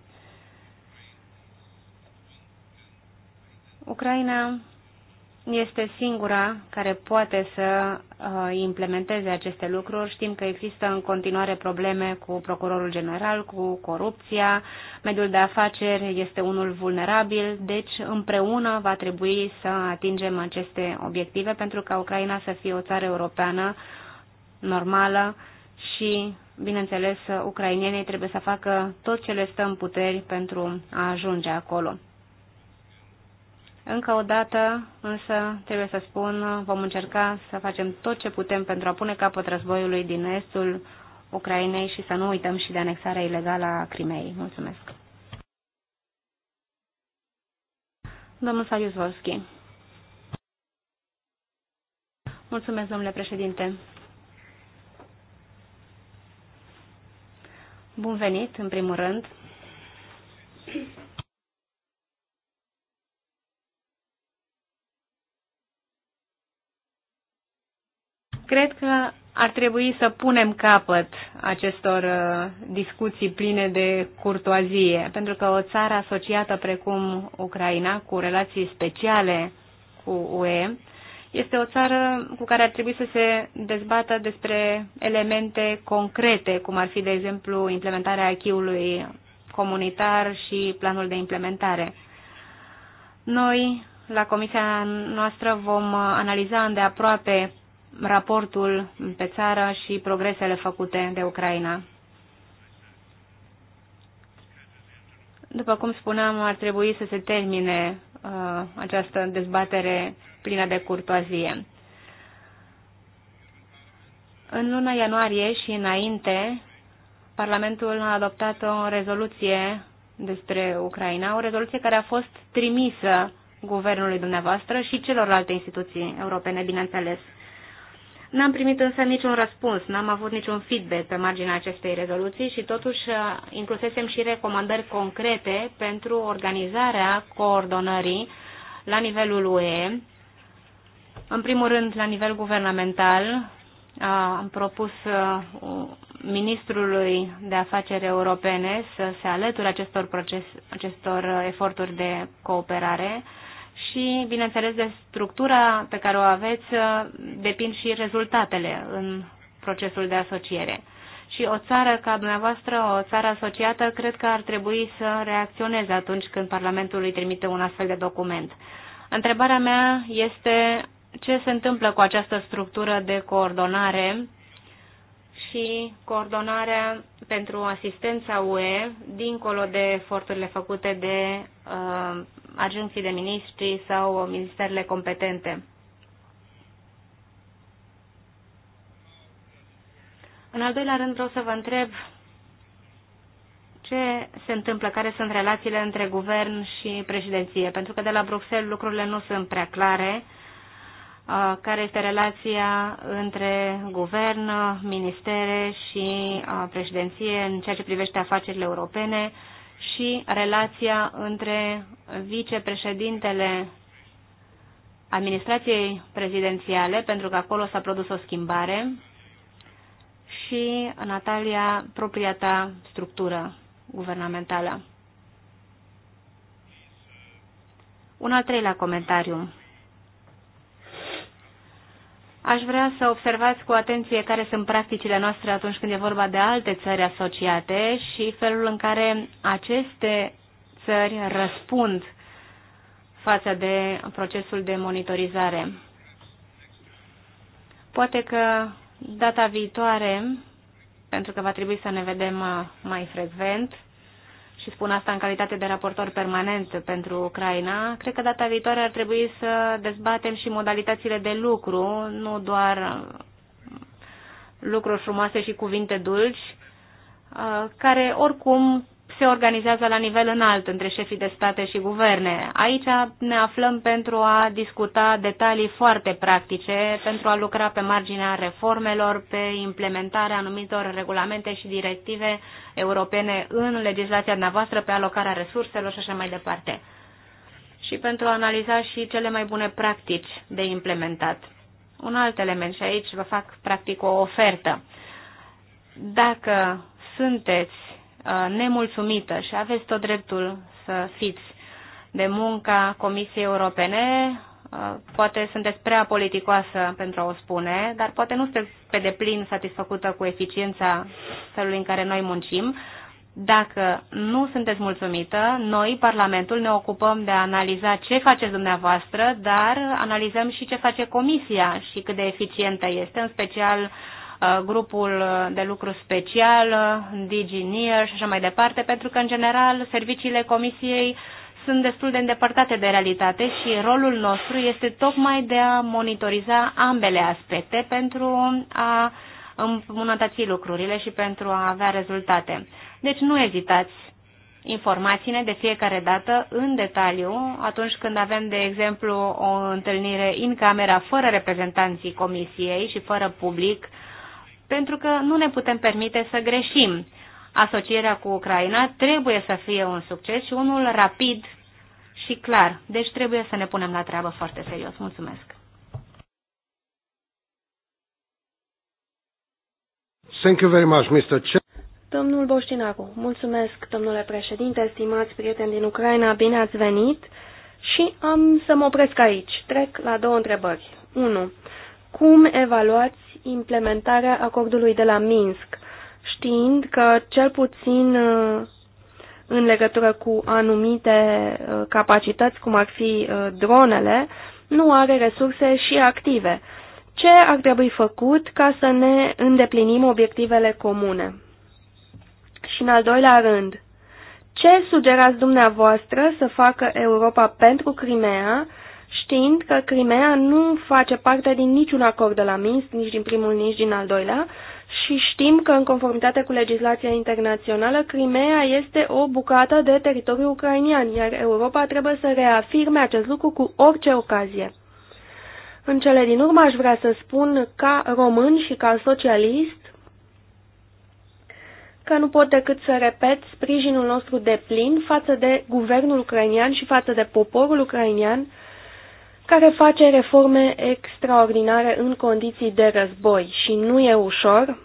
Ucraina este singura care poate să uh, implementeze aceste lucruri. Știm că există în continuare probleme cu procurorul general, cu corupția, mediul de afaceri este unul vulnerabil, deci împreună va trebui să atingem aceste obiective pentru ca Ucraina să fie o țară europeană normală și, bineînțeles, ucrainienii trebuie să facă tot ce le stă în puteri pentru a ajunge acolo. Încă o dată, însă, trebuie să spun, vom încerca să facem tot ce putem pentru a pune capăt războiului din estul Ucrainei și să nu uităm și de anexarea ilegală a Crimeei. Mulțumesc. Domnul Sarius Volski. Mulțumesc, domnule președinte. Bun venit, în primul rând. Cred că ar trebui să punem capăt acestor uh, discuții pline de curtoazie, pentru că o țară asociată precum Ucraina, cu relații speciale cu UE, este o țară cu care ar trebui să se dezbată despre elemente concrete, cum ar fi, de exemplu, implementarea achiului comunitar și planul de implementare. Noi, la comisia noastră, vom uh, analiza îndeaproape raportul pe țară și progresele făcute de Ucraina. După cum spuneam, ar trebui să se termine uh, această dezbatere plină de curtoazie. În luna ianuarie și înainte, Parlamentul a adoptat o rezoluție despre Ucraina, o rezoluție care a fost trimisă guvernului dumneavoastră și celorlalte instituții europene, bineînțeles. N-am primit însă niciun răspuns, n-am avut niciun feedback pe marginea acestei rezoluții și totuși uh, inclusesem și recomandări concrete pentru organizarea coordonării la nivelul UE. În primul rând, la nivel guvernamental, am propus uh, ministrului de afaceri europene să se alăture acestor, proces, acestor uh, eforturi de cooperare și, bineînțeles, de structura pe care o aveți uh, depind și rezultatele în procesul de asociere. Și o țară ca dumneavoastră, o țară asociată, cred că ar trebui să reacționeze atunci când Parlamentul îi trimite un astfel de document. Întrebarea mea este ce se întâmplă cu această structură de coordonare și coordonarea pentru asistența UE, dincolo de eforturile făcute de uh, agenții de ministri sau ministerele competente. În al doilea rând vreau să vă întreb ce se întâmplă, care sunt relațiile între guvern și președinție, pentru că de la Bruxelles lucrurile nu sunt prea clare. Uh, care este relația între guvern, ministere și președinție în ceea ce privește afacerile europene și relația între vicepreședintele administrației prezidențiale, pentru că acolo s-a produs o schimbare, și Natalia, propria ta structură guvernamentală. Un al treilea comentariu. Aș vrea să observați cu atenție care sunt practicile noastre atunci când e vorba de alte țări asociate și felul în care aceste țări răspund față de procesul de monitorizare. Poate că data viitoare, pentru că va trebui să ne vedem uh, mai frecvent, și spun asta în calitate de raportor permanent pentru Ucraina, cred că data viitoare ar trebui să dezbatem și modalitățile de lucru, nu doar mm, lucruri frumoase și cuvinte dulci, uh, care oricum se organizează la nivel înalt între șefii de state și guverne. Aici ne aflăm pentru a discuta detalii foarte practice, pentru a lucra pe marginea reformelor, pe implementarea anumitor regulamente și directive europene în legislația noastră, pe alocarea resurselor și așa mai departe. Și pentru a analiza și cele mai bune practici de implementat. Un alt element și aici vă fac practic o ofertă. Dacă sunteți Uh, nemulțumită și aveți tot dreptul să fiți de munca Comisiei Europene. Uh, poate sunteți prea politicoasă pentru a o spune, dar poate nu sunteți pe deplin satisfăcută cu eficiența felului în care noi muncim. Dacă nu sunteți mulțumită, noi, Parlamentul, ne ocupăm de a analiza ce faceți dumneavoastră, dar analizăm și ce face Comisia și cât de eficientă este, în special uh, Uh, grupul de lucru special, DigiNear și așa mai departe, pentru că, în general, serviciile Comisiei sunt destul de îndepărtate de realitate și rolul nostru este tocmai de a monitoriza ambele aspecte pentru a îmbunătăți lucrurile și pentru a avea rezultate. Deci nu ezitați informațiile de fiecare dată în detaliu atunci când avem, de exemplu, o întâlnire în camera fără reprezentanții comisiei și fără public pentru că nu ne putem permite să greșim. Asocierea cu Ucraina trebuie să fie un succes și unul rapid și clar. Deci trebuie să ne punem la treabă foarte serios. Mulțumesc! Thank you very much, Mr. Domnul Boștinaru, mulțumesc, domnule președinte, stimați prieteni din Ucraina, bine ați venit și am să mă opresc aici. Trec la două întrebări. 1. Cum evaluați implementarea acordului de la Minsk, știind că cel puțin uh, în legătură cu anumite uh, capacități, cum ar fi uh, dronele, nu are resurse și active. Ce ar trebui făcut ca să ne îndeplinim obiectivele comune? Și în al doilea rând, ce sugerați dumneavoastră să facă Europa pentru Crimea știind că Crimea nu face parte din niciun acord de la Minsk, nici din primul, nici din al doilea, și știm că, în conformitate cu legislația internațională, Crimea este o bucată de teritoriu ucrainian, iar Europa trebuie să reafirme acest lucru cu orice ocazie. În cele din urmă aș vrea să spun ca român și ca socialist că nu pot decât să repet sprijinul nostru de plin față de guvernul ucrainian și față de poporul ucrainian care face reforme extraordinare în condiții de război și nu e ușor.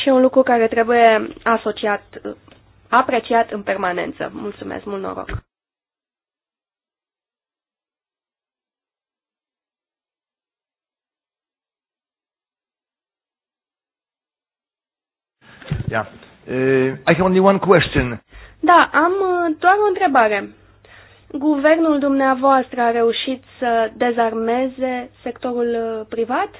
Și e un lucru care trebuie asociat, apreciat în permanență. Mulțumesc, mult noroc! Yeah. Uh, I have only one question. Da, am uh, doar o întrebare. Guvernul dumneavoastră a reușit să dezarmeze sectorul uh, privat?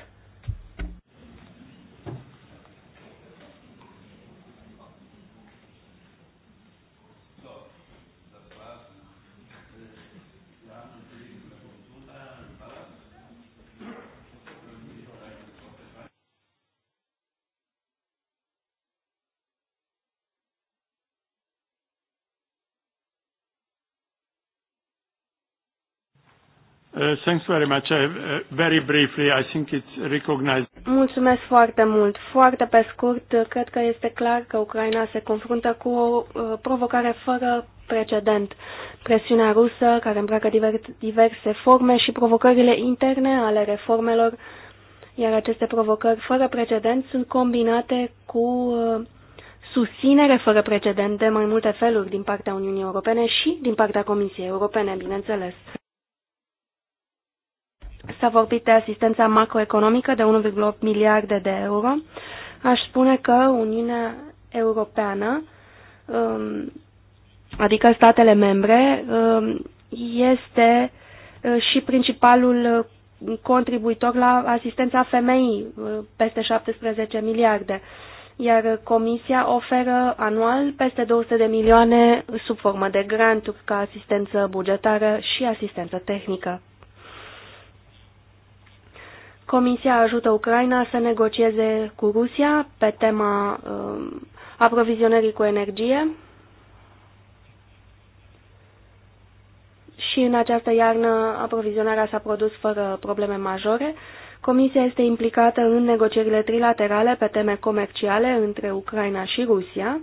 Uh, thanks very much. Uh, very briefly, I think it's recognized. Mulțumesc foarte mult. Foarte pe scurt, cred că este clar că Ucraina se confruntă cu o uh, provocare fără precedent. Presiunea rusă, care îmbracă diverse forme și provocările interne ale reformelor, iar aceste provocări fără precedent sunt combinate cu susținere fără precedent de mai multe feluri din partea Uniunii Europene și din partea Comisiei Europene, bineînțeles. S-a vorbit de asistența macroeconomică de 1,8 miliarde de euro. Aș spune că Uniunea Europeană, um, adică statele membre, um, este uh, și principalul contribuitor la asistența femeii, uh, peste 17 miliarde, iar Comisia oferă anual peste 200 de milioane sub formă de granturi ca asistență bugetară și asistență tehnică. Comisia ajută Ucraina să negocieze cu Rusia pe tema uh, aprovizionării cu energie. Și în această iarnă aprovizionarea s-a produs fără probleme majore. Comisia este implicată în negocierile trilaterale pe teme comerciale între Ucraina și Rusia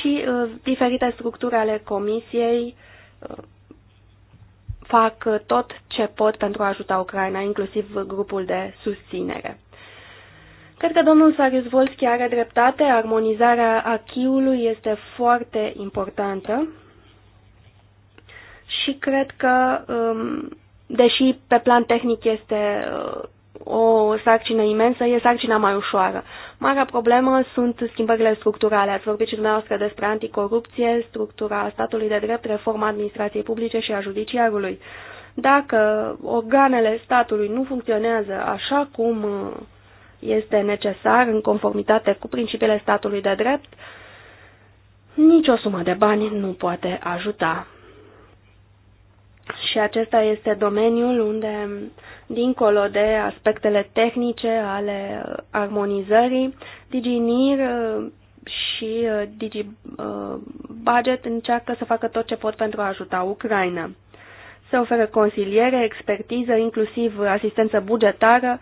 și uh, diferite structuri ale Comisiei uh, fac tot ce pot pentru a ajuta Ucraina, inclusiv grupul de susținere. Cred că domnul Sarius Volski are dreptate, armonizarea achiului este foarte importantă și cred că, um, deși pe plan tehnic este uh, o sarcină imensă, e sarcina mai ușoară. Marea problemă sunt schimbările structurale. Ați vorbit și dumneavoastră despre anticorupție, structura statului de drept, reforma administrației publice și a judiciarului. Dacă organele statului nu funcționează așa cum uh, este necesar, în conformitate cu principiile statului de drept, nicio sumă de bani nu poate ajuta. Și acesta este domeniul unde dincolo de aspectele tehnice ale uh, armonizării, DigiNIR uh, și uh, DigiBudget încearcă să facă tot ce pot pentru a ajuta Ucraina. Se oferă consiliere, expertiză, inclusiv asistență bugetară,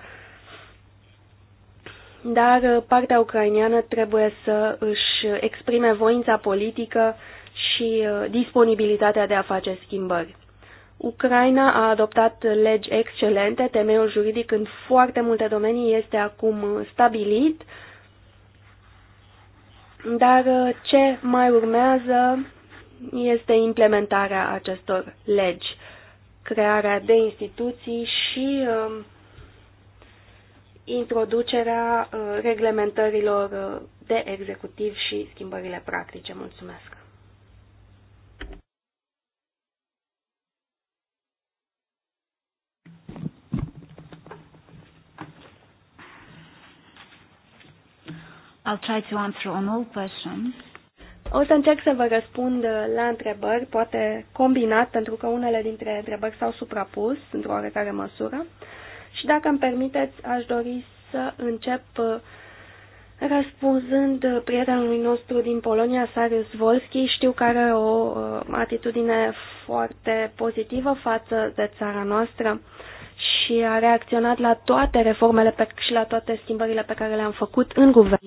dar partea ucraineană trebuie să își exprime voința politică și disponibilitatea de a face schimbări. Ucraina a adoptat legi excelente, temeiul juridic în foarte multe domenii este acum stabilit, dar uh, ce mai urmează este implementarea acestor legi, crearea de instituții și uh, introducerea uh, reglementărilor uh, de executiv și schimbările practice. Mulțumesc! I'll try to answer on all questions. O să încerc să vă răspund uh, la întrebări, poate combinat, pentru că unele dintre întrebări s-au suprapus într-o oarecare măsură. Și dacă îmi permiteți, aș dori să încep uh, răspunzând uh, prietenului nostru din Polonia, Sarius Volski. Știu că are o atitudine foarte pozitivă față de țara noastră și a reacționat la toate reformele pe, și la toate schimbările pe care le-am făcut în guvern.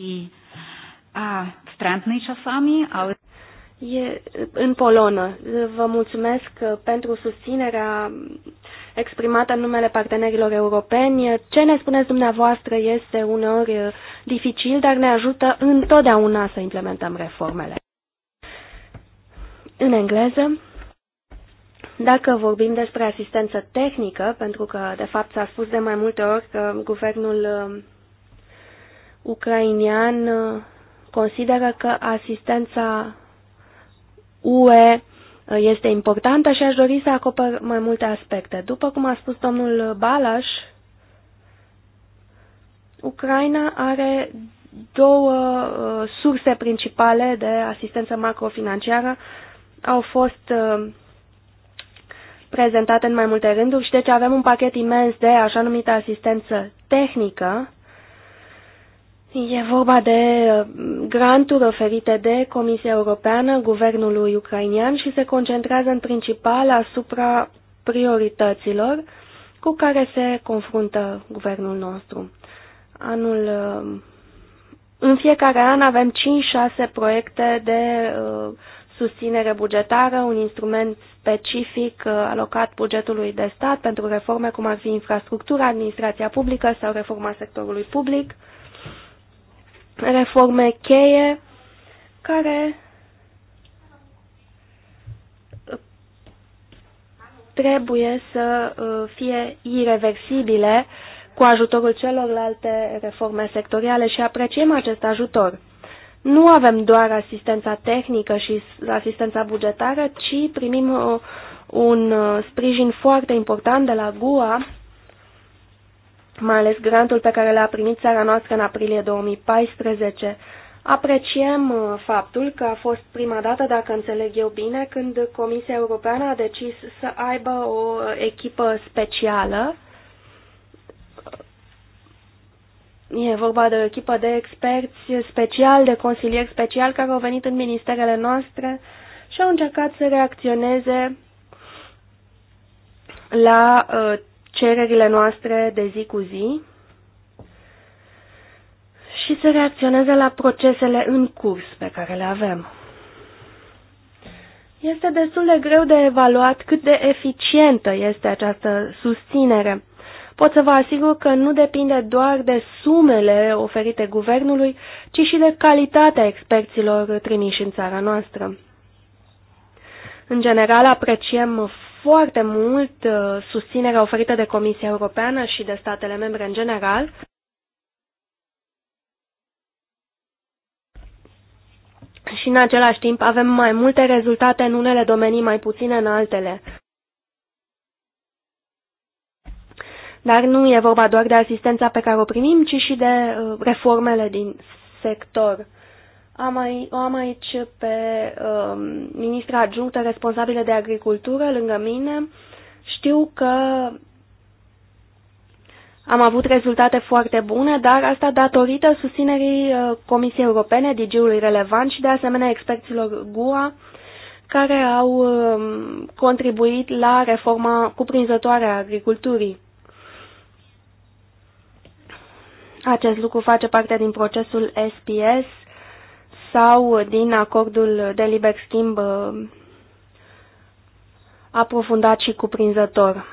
E, în polonă. Vă mulțumesc pentru susținerea exprimată în numele partenerilor europeni. Ce ne spuneți dumneavoastră este uneori dificil, dar ne ajută întotdeauna să implementăm reformele. În engleză, dacă vorbim despre asistență tehnică, pentru că de fapt s-a spus de mai multe ori că guvernul um, ucrainian uh, consideră că asistența UE uh, este importantă și aș dori să acopăr mai multe aspecte. După cum a spus domnul Balas, Ucraina are două uh, surse principale de asistență macrofinanciară. Au fost prezentate în mai multe rânduri și deci avem un pachet imens de așa numită asistență tehnică. E vorba de uh, granturi oferite de Comisia Europeană guvernului ucrainian și se concentrează în principal asupra priorităților cu care se confruntă guvernul nostru. Anul, uh, în fiecare an avem 5-6 proiecte de uh, susținere bugetară, un instrument specific uh, alocat bugetului de stat pentru reforme cum ar fi infrastructura, administrația publică sau reforma sectorului public, reforme cheie care uh, trebuie să uh, fie irreversibile cu ajutorul celorlalte reforme sectoriale și apreciem acest ajutor nu avem doar asistența tehnică și asistența bugetară, ci primim o, uh, un uh, sprijin foarte important de la GUA, mai ales grantul pe care l-a primit țara noastră în aprilie 2014. Apreciem uh, faptul că a fost prima dată, dacă înțeleg eu bine, când Comisia Europeană a decis să aibă o echipă specială E vorba de o echipă de experți special, de consilieri special care au venit în ministerele noastre și au încercat să reacționeze la uh, cererile noastre de zi cu zi și să reacționeze la procesele în curs pe care le avem. Este destul de greu de evaluat cât de eficientă este această susținere Pot să vă asigur că nu depinde doar de sumele oferite guvernului, ci și de calitatea experților trimiși în țara noastră. În general, apreciem foarte mult uh, susținerea oferită de Comisia Europeană și de statele membre în general. Și în același timp avem mai multe rezultate în unele domenii, mai puține în altele. Dar nu e vorba doar de asistența pe care o primim, ci și de uh, reformele din sector. Am ai, o am aici pe uh, ministra adjunctă responsabilă de agricultură lângă mine. Știu că am avut rezultate foarte bune, dar asta datorită susținerii uh, Comisiei Europene, DG-ului relevant și de asemenea experților GUA, care au um, contribuit la reforma cuprinzătoare a agriculturii. Acest lucru face parte din procesul SPS sau din acordul de liber schimb uh, aprofundat și cuprinzător.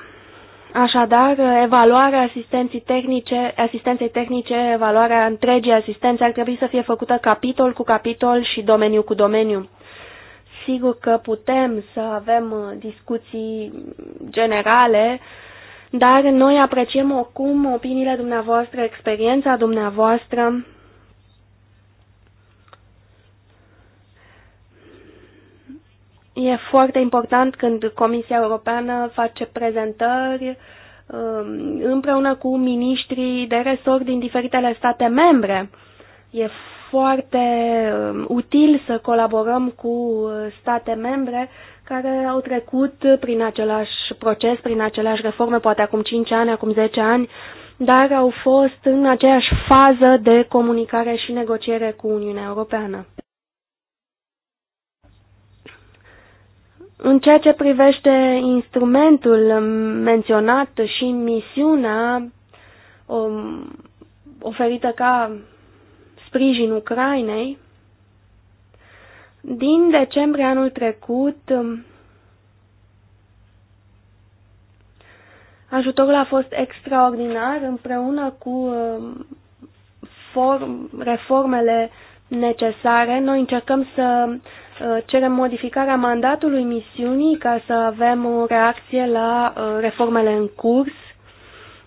Așadar, evaluarea asistenței tehnice, asistenței tehnice, evaluarea întregii asistențe ar trebui să fie făcută capitol cu capitol și domeniu cu domeniu. Sigur că putem să avem uh, discuții generale uh, dar noi apreciem oricum opiniile dumneavoastră, experiența dumneavoastră. E foarte important când Comisia Europeană face prezentări um, împreună cu miniștrii de resort din diferitele state membre. E foarte um, util să colaborăm cu state membre care au trecut prin același proces, prin aceleași reforme, poate acum 5 ani, acum 10 ani, dar au fost în aceeași fază de comunicare și negociere cu Uniunea Europeană. În ceea ce privește instrumentul menționat și misiunea um, oferită ca sprijin Ucrainei, din decembrie anul trecut, um, ajutorul a fost extraordinar împreună cu um, reformele necesare. Noi încercăm să uh, cerem modificarea mandatului misiunii ca să avem o reacție la uh, reformele în curs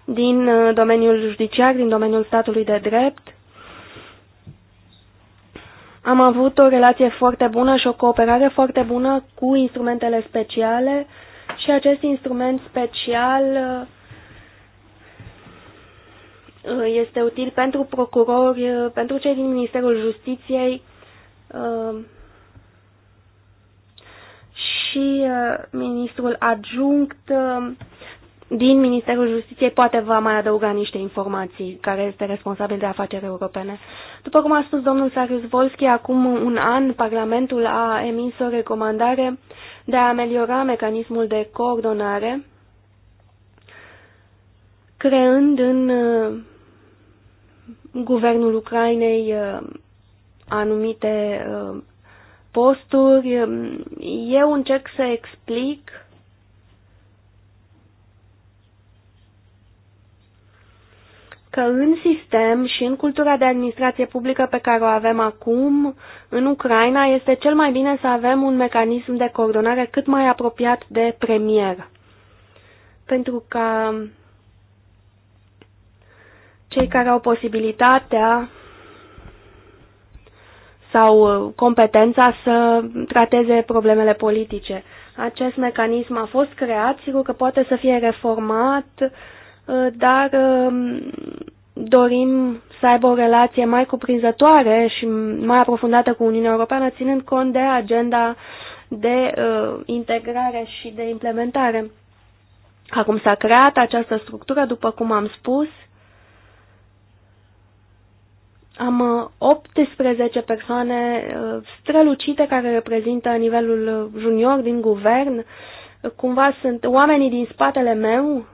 din uh, domeniul judiciar, din domeniul statului de drept am avut o relație foarte bună și o cooperare foarte bună cu instrumentele speciale și acest instrument special uh, este util pentru procurori, uh, pentru cei din Ministerul Justiției uh, și ministrul adjunct din Ministerul Justiției poate va mai adăuga niște informații care este responsabil de afaceri europene. După cum a spus domnul Sarius Volski, acum un an Parlamentul a emis o recomandare de a ameliora mecanismul de coordonare, creând în uh, guvernul Ucrainei uh, anumite uh, posturi. Eu încerc să explic că în sistem și în cultura de administrație publică pe care o avem acum în Ucraina este cel mai bine să avem un mecanism de coordonare cât mai apropiat de premier. Pentru că cei care au posibilitatea sau competența să trateze problemele politice. Acest mecanism a fost creat, sigur că poate să fie reformat uh, dar um, dorim să aibă o relație mai cuprinzătoare și mai aprofundată cu Uniunea Europeană, ținând cont de agenda de uh, integrare și de implementare. Acum s-a creat această structură, după cum am spus. Am 18 uh, persoane uh, strălucite care reprezintă nivelul uh, junior din guvern. Cumva sunt oamenii din spatele meu,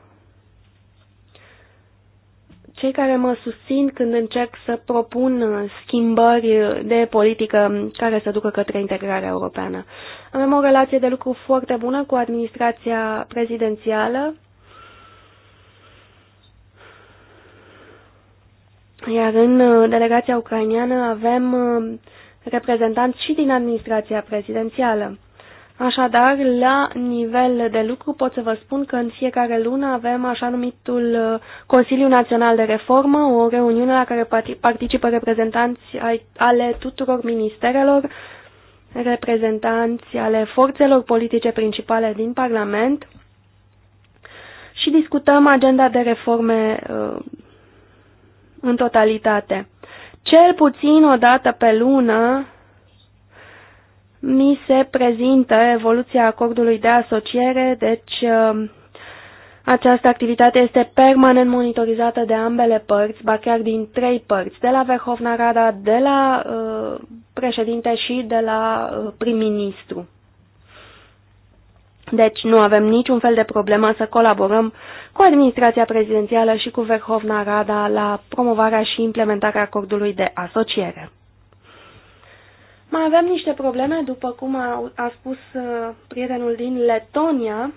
cei care mă susțin când încerc să propun schimbări de politică care să ducă către integrarea europeană. Avem o relație de lucru foarte bună cu administrația prezidențială, iar în delegația ucraineană avem reprezentanți și din administrația prezidențială. Așadar, la nivel de lucru pot să vă spun că în fiecare lună avem așa numitul uh, Consiliu Național de Reformă, o reuniune la care participă reprezentanți ale tuturor ministerelor, reprezentanți ale forțelor politice principale din Parlament și discutăm agenda de reforme uh, în totalitate. Cel puțin o dată pe lună mi se prezintă evoluția acordului de asociere, deci um, această activitate este permanent monitorizată de ambele părți, ba chiar din trei părți, de la Verhovna Rada, de la uh, președinte și de la uh, prim-ministru. Deci nu avem niciun fel de problemă să colaborăm cu administrația prezidențială și cu Verhovna Rada la promovarea și implementarea acordului de asociere. Mai avem niște probleme, după cum a, a spus uh, prietenul din Letonia,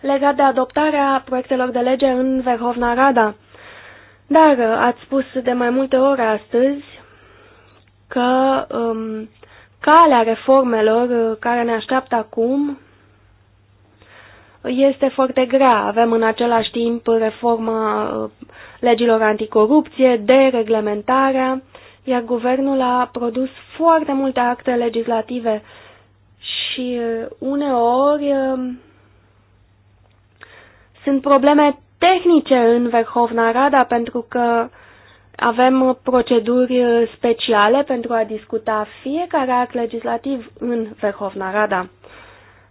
legat de adoptarea proiectelor de lege în Verhovna Rada. Dar uh, ați spus de mai multe ori astăzi că um, calea reformelor uh, care ne așteaptă acum este foarte grea. Avem în același timp reforma legilor anticorupție, dereglementarea iar guvernul a produs foarte multe acte legislative și uh, uneori um, sunt probleme tehnice în Verhovna Rada pentru că avem proceduri uh, speciale pentru a discuta fiecare act legislativ în Verhovna Rada.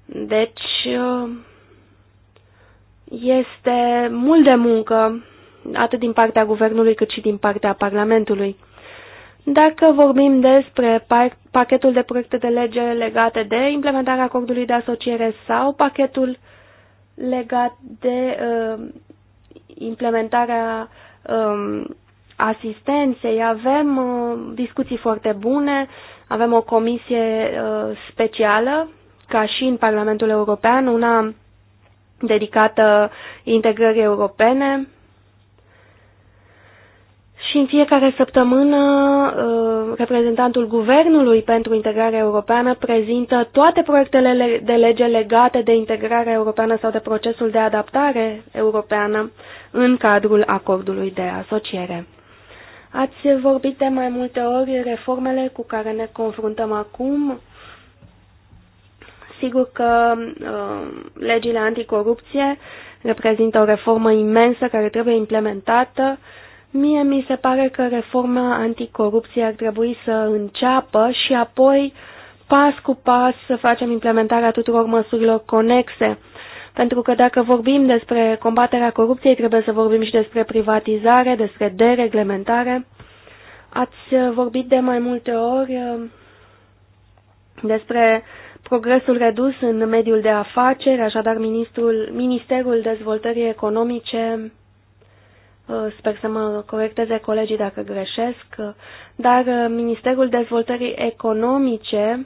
Deci uh, este mult de muncă atât din partea guvernului cât și din partea Parlamentului. Dacă vorbim despre pachetul de proiecte de lege legate de implementarea acordului de asociere sau pachetul legat de uh, implementarea uh, asistenței, avem uh, discuții foarte bune, avem o comisie uh, specială, ca și în Parlamentul European, una dedicată integrării europene, și în fiecare săptămână uh, reprezentantul Guvernului pentru Integrarea Europeană prezintă toate proiectele de lege legate de integrarea europeană sau de procesul de adaptare europeană în cadrul acordului de asociere. Ați vorbit de mai multe ori reformele cu care ne confruntăm acum. Sigur că uh, legile anticorupție reprezintă o reformă imensă care trebuie implementată Mie mi se pare că reforma anticorupție ar trebui să înceapă și apoi, pas cu pas, să facem implementarea tuturor măsurilor conexe. Pentru că dacă vorbim despre combaterea corupției, trebuie să vorbim și despre privatizare, despre dereglementare. Ați vorbit de mai multe ori uh, despre progresul redus în mediul de afaceri, așadar Ministrul, Ministerul Dezvoltării Economice Uh, sper să mă corecteze colegii dacă greșesc, uh, dar uh, Ministerul Dezvoltării Economice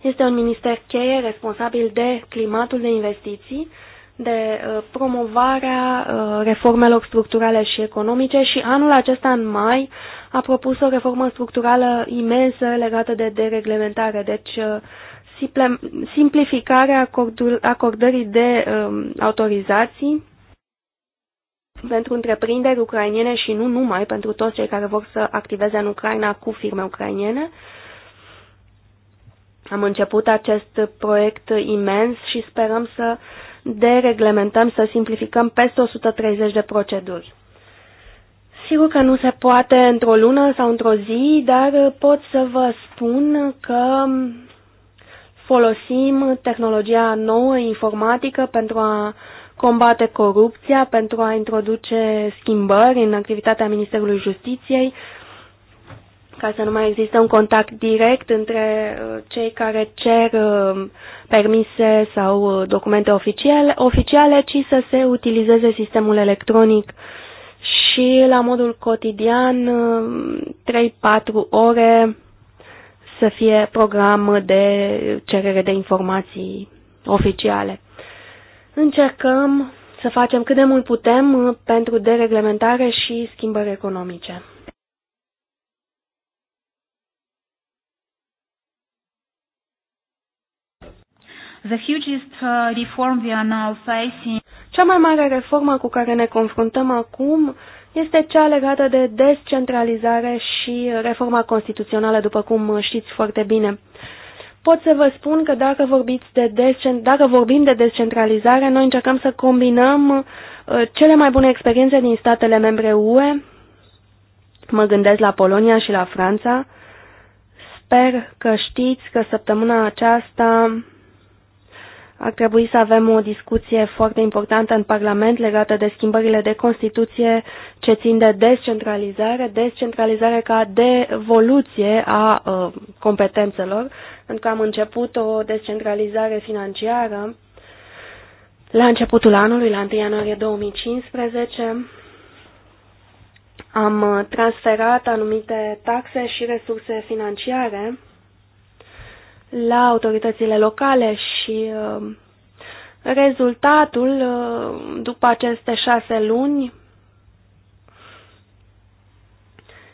este un minister cheie responsabil de climatul de investiții, de promovarea reformelor structurale și economice și anul acesta, în mai, a propus o reformă structurală imensă legată de dereglementare, deci simplificarea acordării de um, autorizații, pentru întreprinderi ucrainiene și nu numai, pentru toți cei care vor să activeze în Ucraina cu firme ucrainiene. Am început acest proiect imens și sperăm să dereglementăm, să simplificăm peste 130 de proceduri. Sigur că nu se poate într-o lună sau într-o zi, dar pot să vă spun că folosim tehnologia nouă informatică pentru a combate corupția, pentru a introduce schimbări în activitatea Ministerului Justiției, ca să nu mai există un contact direct între uh, cei care cer uh, permise sau uh, documente oficiale, oficiale ci să se utilizeze sistemul electronic și la modul cotidian 3-4 ore să fie program de cerere de informații oficiale. Încercăm să facem cât de mult putem uh, pentru dereglementare și schimbări economice. The hugest uh, reform we are now facing. Cea mai mare reformă cu care ne confruntăm acum este cea legată de descentralizare și reforma constituțională, după cum știți foarte bine pot să vă spun că dacă, vorbiți de descent, dacă vorbim de descentralizare, noi încercăm să combinăm uh, cele mai bune experiențe din statele membre UE, mă gândesc la Polonia și la Franța. Sper că știți că săptămâna aceasta ar trebui să avem o discuție foarte importantă în Parlament legată de schimbările de Constituție ce țin de descentralizare, descentralizare ca devoluție a uh, competențelor, pentru că am început o descentralizare financiară la începutul anului, la 1 ianuarie 2015. Am ă, transferat anumite taxe și resurse financiare la autoritățile locale și uh, rezultatul uh, după aceste șase luni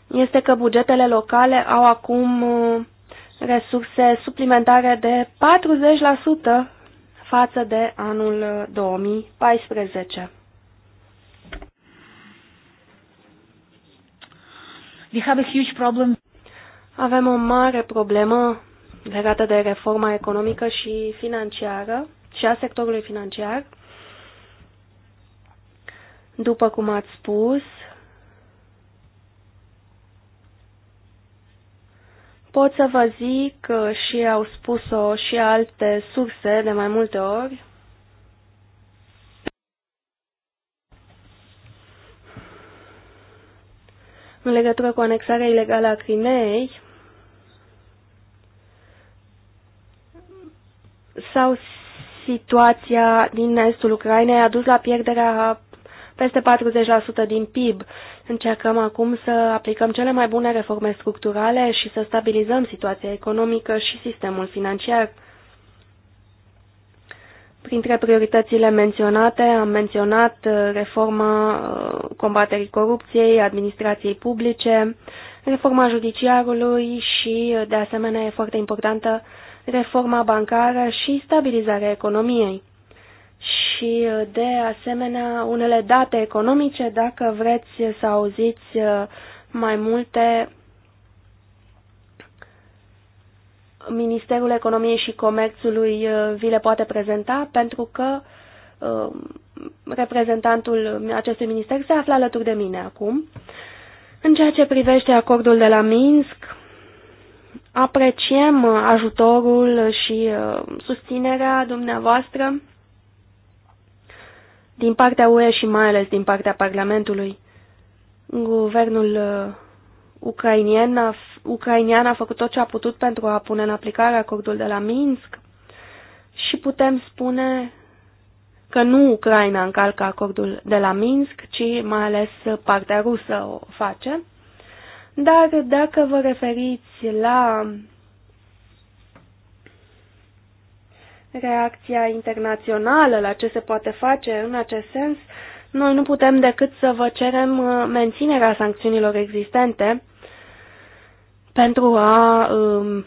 este că bugetele locale au acum uh, resurse suplimentare de 40% față de anul 2014. We have a huge problem. Avem o mare problemă legată de reforma economică și financiară și a sectorului financiar. După cum ați spus, pot să vă zic și au spus-o și alte surse de mai multe ori. În legătură cu anexarea ilegală a Crimeei, sau situația din estul Ucrainei a dus la pierderea peste 40% din PIB. Încercăm acum să aplicăm cele mai bune reforme structurale și să stabilizăm situația economică și sistemul financiar. Printre prioritățile menționate am menționat uh, reforma uh, combaterii corupției, administrației publice, reforma judiciarului și, uh, de asemenea, e foarte importantă reforma bancară și stabilizarea economiei. Și, de asemenea, unele date economice, dacă vreți să auziți uh, mai multe, Ministerul Economiei și Comerțului uh, vi le poate prezenta, pentru că uh, reprezentantul acestui minister se află alături de mine acum. În ceea ce privește acordul de la Minsk, Apreciem ajutorul și uh, susținerea dumneavoastră din partea UE și mai ales din partea Parlamentului. Guvernul uh, ucrainian a, ucrainian a făcut tot ce a putut pentru a pune în aplicare acordul de la Minsk și putem spune că nu Ucraina încalcă acordul de la Minsk, ci mai ales partea rusă o face. Dar dacă vă referiți la reacția internațională, la ce se poate face în acest sens, noi nu putem decât să vă cerem uh, menținerea sancțiunilor existente pentru a um,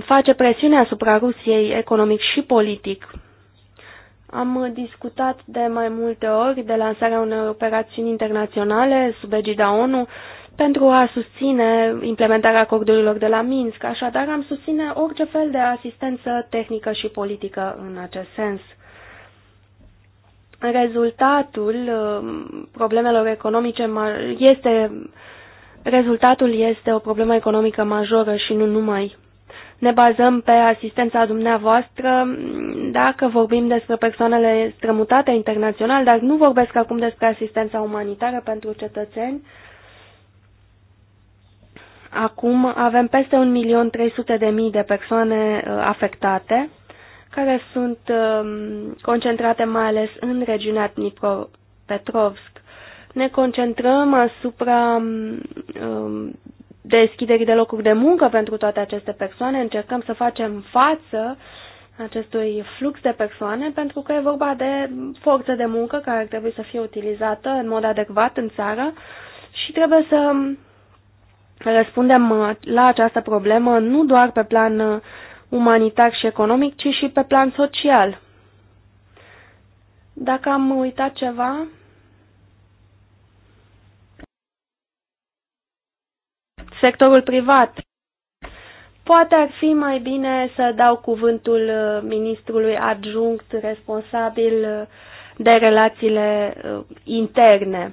face presiune asupra Rusiei economic și politic. Am discutat de mai multe ori de lansarea unei operațiuni internaționale sub egida ONU pentru a susține implementarea acordurilor de la Minsk. Așadar, am susține orice fel de asistență tehnică și politică în acest sens. Rezultatul um, problemelor economice este rezultatul este o problemă economică majoră și nu numai. Ne bazăm pe asistența dumneavoastră dacă vorbim despre persoanele strămutate internațional, dar nu vorbesc acum despre asistența umanitară pentru cetățeni, Acum avem peste 1.300.000 de persoane uh, afectate, care sunt um, concentrate mai ales în regiunea Dnipropetrovsk. Ne concentrăm asupra um, um, deschiderii de locuri de muncă pentru toate aceste persoane, încercăm să facem față acestui flux de persoane, pentru că e vorba de forță de muncă care ar trebui să fie utilizată în mod adecvat în țară și trebuie să răspundem uh, la această problemă nu doar pe plan uh, umanitar și economic, ci și pe plan social. Dacă am uitat ceva... Sectorul privat. Poate ar fi mai bine să dau cuvântul uh, ministrului adjunct responsabil de relațiile interne.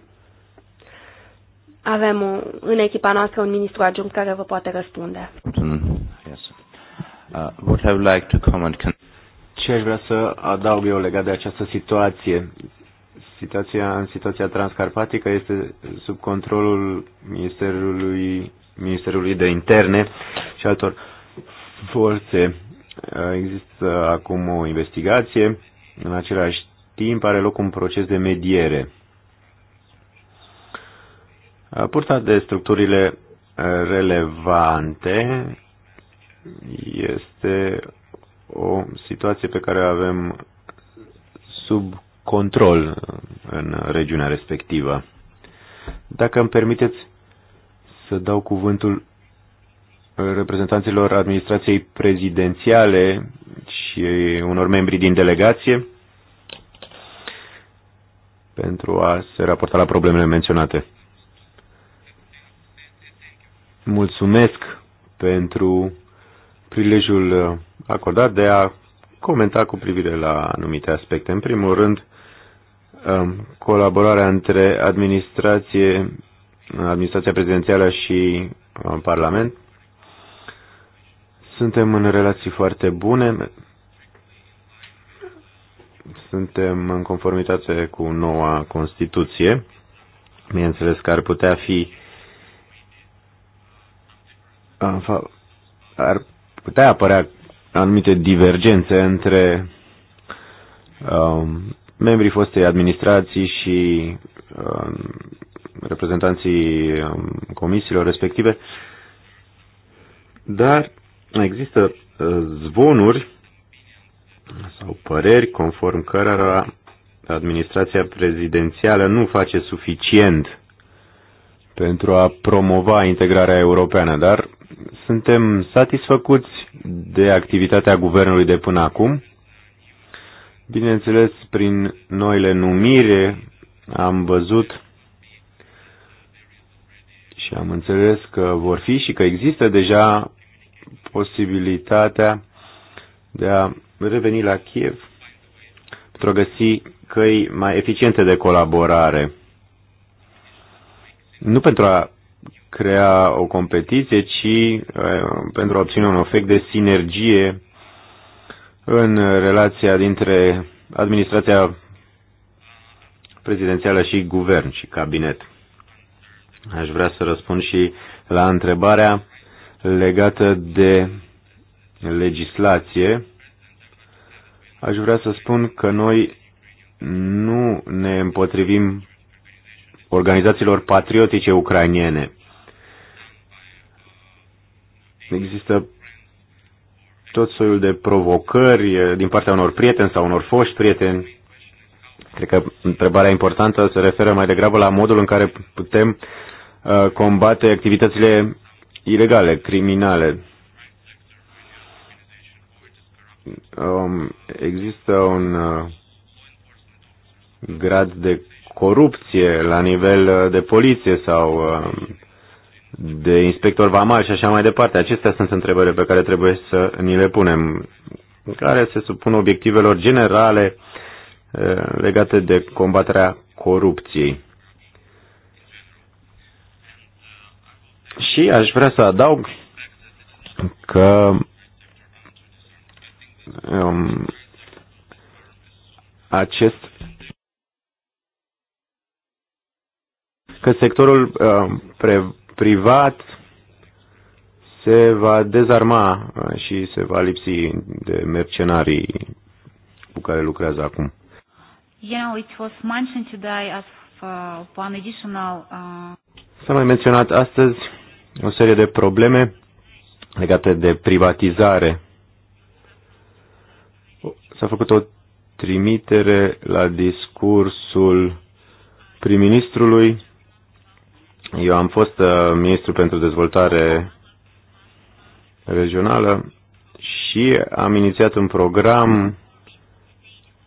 Avem un, în echipa noastră un ministru adjunct care vă poate răspunde. Yes. Uh, what I would like to comment can... Ce aș vrea să adaug eu legat de această situație? Situația în situația transcarpatică este sub controlul Ministerului, Ministerului de Interne și altor forțe. Uh, există acum o investigație. În același timp are loc un proces de mediere Purta de structurile relevante este o situație pe care o avem sub control în regiunea respectivă. Dacă îmi permiteți să dau cuvântul reprezentanților administrației prezidențiale și unor membri din delegație pentru a se raporta la problemele menționate mulțumesc pentru prilejul acordat de a comenta cu privire la anumite aspecte. În primul rând, um, colaborarea între administrație, administrația prezidențială și um, Parlament. Suntem în relații foarte bune, suntem în conformitate cu noua Constituție. Bineînțeles că ar putea fi uh, ar putea apărea anumite divergențe între um, membrii fostei administrații și um, reprezentanții um, comisiilor respective, dar există uh, zvonuri sau păreri conform cărora administrația prezidențială nu face suficient pentru a promova integrarea europeană, dar suntem satisfăcuți de activitatea guvernului de până acum. Bineînțeles, prin noile numire am văzut și am înțeles că vor fi și că există deja posibilitatea de a reveni la Kiev pentru a găsi căi mai eficiente de colaborare nu pentru a crea o competiție, ci eh, pentru a obține un efect de sinergie în relația dintre administrația prezidențială și guvern și cabinet. Aș vrea să răspund și la întrebarea legată de legislație. Aș vrea să spun că noi nu ne împotrivim organizațiilor patriotice ucrainiene. Există tot soiul de provocări din partea unor prieteni sau unor foști prieteni. Cred că întrebarea importantă se referă mai degrabă la modul în care putem uh, combate activitățile ilegale, criminale. Um, există un uh, grad de corupție la nivel uh, de poliție sau uh, de inspector vamal și așa mai departe. Acestea sunt întrebările pe care trebuie să ni le punem, care se supun obiectivelor generale uh, legate de combaterea corupției. Și aș vrea să adaug că um, acest că sectorul uh, privat se va dezarma uh, și se va lipsi de mercenarii cu care lucrează acum. Yeah, it was mentioned today as uh, additional. S-a mai menționat astăzi o serie de probleme legate de privatizare. S-a făcut o trimitere la discursul prim-ministrului eu am fost uh, ministru pentru dezvoltare regională și am inițiat un program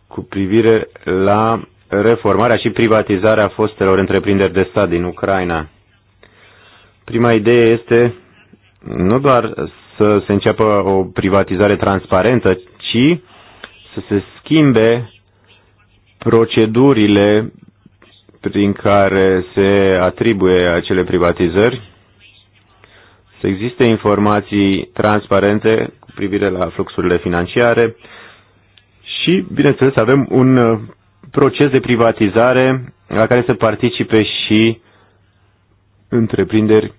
cu privire la reformarea și privatizarea fostelor întreprinderi de stat din Ucraina. Prima idee este nu doar să se înceapă o privatizare transparentă, ci să se schimbe procedurile prin care se atribuie acele privatizări, să existe informații transparente cu privire la fluxurile financiare și, bineînțeles, avem un uh, proces de privatizare la care să participe și întreprinderi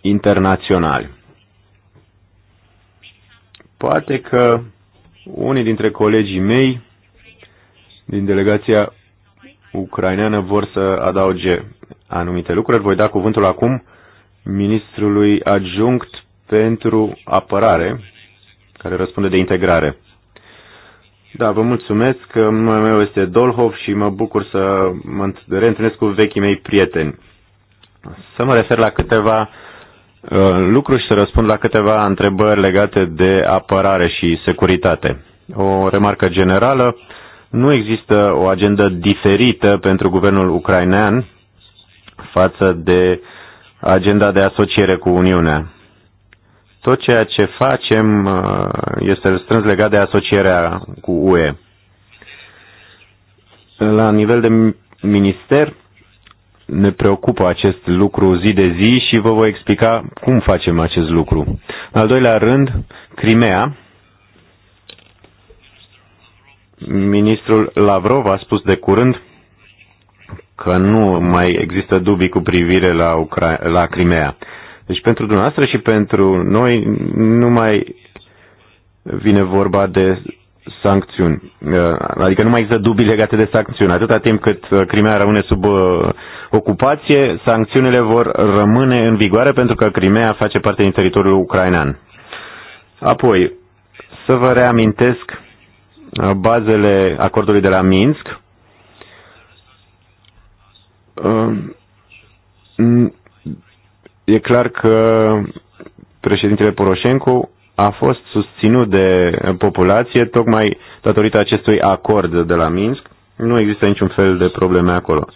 internaționale. Poate că unii dintre colegii mei din delegația ucraineană vor să adauge anumite lucruri. Voi da cuvântul acum ministrului adjunct pentru apărare, care răspunde de integrare. Da, vă mulțumesc. Numele meu este Dolhov și mă bucur să mă reîntâlnesc cu vechii mei prieteni. Să mă refer la câteva uh, lucruri și să răspund la câteva întrebări legate de apărare și securitate. O remarcă generală nu există o agendă diferită pentru guvernul ucrainean față de agenda de asociere cu Uniunea. Tot ceea ce facem uh, este strâns legat de asocierea cu UE. La nivel de minister ne preocupă acest lucru zi de zi și vă voi explica cum facem acest lucru. În al doilea rând, Crimea, Ministrul Lavrov a spus de curând că nu mai există dubii cu privire la, Ucra- la Crimea. Deci pentru dumneavoastră și pentru noi nu mai vine vorba de sancțiuni. Uh, adică nu mai există dubii legate de sancțiuni. Atâta timp cât uh, Crimea rămâne sub uh, ocupație, sancțiunile vor rămâne în vigoare pentru că Crimea face parte din teritoriul ucrainean. Apoi, să vă reamintesc Uh, bazele acordului de la Minsk, uh, e clar că președintele Poroșencu a fost susținut de populație tocmai datorită acestui acord de la Minsk. Nu există niciun fel de probleme acolo.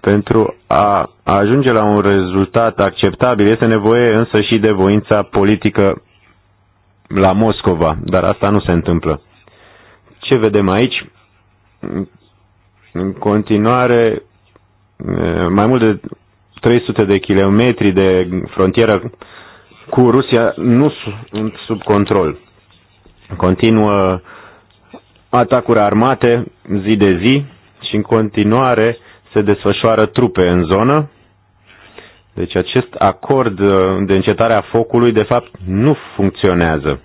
Pentru a ajunge la un rezultat acceptabil este nevoie însă și de voința politică la Moscova, dar asta nu se întâmplă. Ce vedem aici? În continuare, mai mult de 300 de kilometri de frontieră cu Rusia nu sunt sub control. Continuă atacuri armate zi de zi și în continuare se desfășoară trupe în zonă. Deci acest acord de încetare a focului, de fapt, nu funcționează.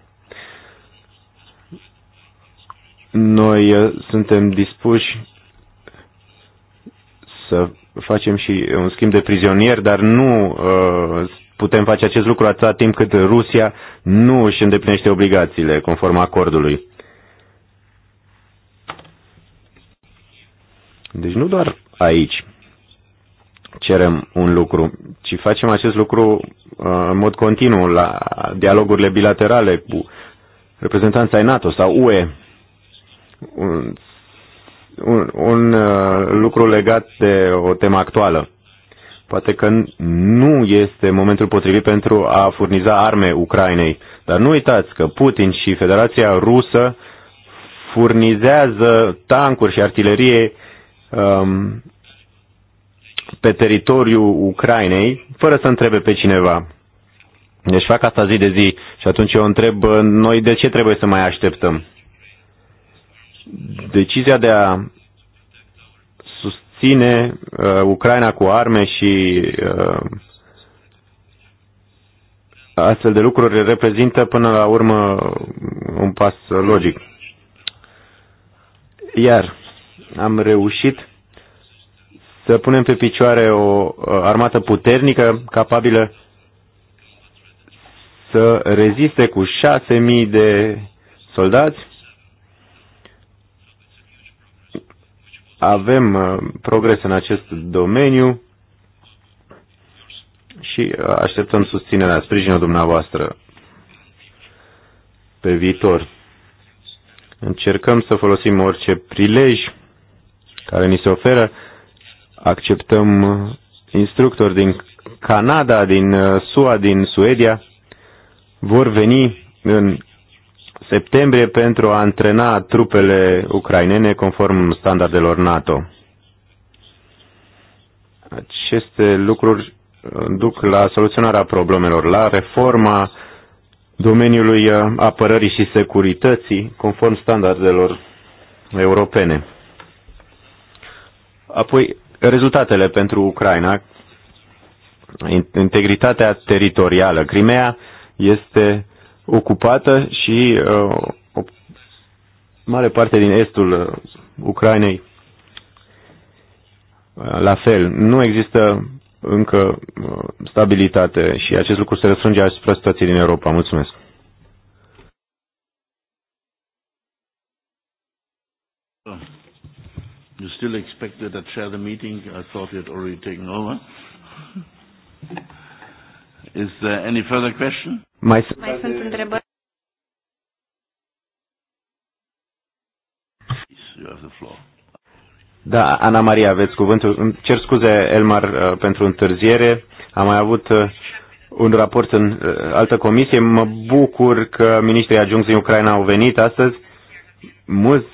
Noi eh, suntem dispuși să facem și un schimb de prizonieri, dar nu eh, putem face acest lucru atâta timp cât Rusia nu își îndeplinește obligațiile conform acordului. Deci nu doar aici cerem un lucru, ci facem acest lucru eh, în mod continuu la dialogurile bilaterale cu reprezentanța NATO sau UE un, un, un uh, lucru legat de o temă actuală. Poate că nu este momentul potrivit pentru a furniza arme Ucrainei, dar nu uitați că Putin și Federația Rusă furnizează tancuri și artilerie um, pe teritoriul Ucrainei, fără să întrebe pe cineva. Deci fac asta zi de zi și atunci eu întreb, uh, noi de ce trebuie să mai așteptăm? decizia de a susține uh, Ucraina cu arme și uh, astfel de lucruri reprezintă până la urmă un pas logic. Iar am reușit să punem pe picioare o armată puternică, capabilă să reziste cu șase mii de soldați avem uh, progres în acest domeniu și uh, așteptăm susținerea, sprijinul dumneavoastră pe viitor. Încercăm să folosim orice prilej care ni se oferă. Acceptăm uh, instructori din Canada, din SUA, din Suedia. Vor veni în septembrie pentru a antrena trupele ucrainene conform standardelor NATO. Aceste lucruri uh, duc la soluționarea problemelor, la reforma domeniului uh, apărării și securității conform standardelor europene. Apoi, rezultatele pentru Ucraina, integritatea teritorială. Crimea este ocupată și uh, o mare parte din estul uh, Ucrainei uh, la fel. Nu există încă uh, stabilitate și acest lucru se răsfrânge asupra situației din Europa. Mulțumesc! You still expected chair the meeting? I thought you had already taken over. Is there any further question? Mai sunt, Mai sunt întrebări? You have the floor. Da, Ana Maria, aveți cuvântul. Îmi cer scuze, Elmar, uh, pentru întârziere. Am mai avut uh, un raport în uh, altă comisie. Mă bucur că ministrii adjuncți din Ucraina au venit astăzi. Mulți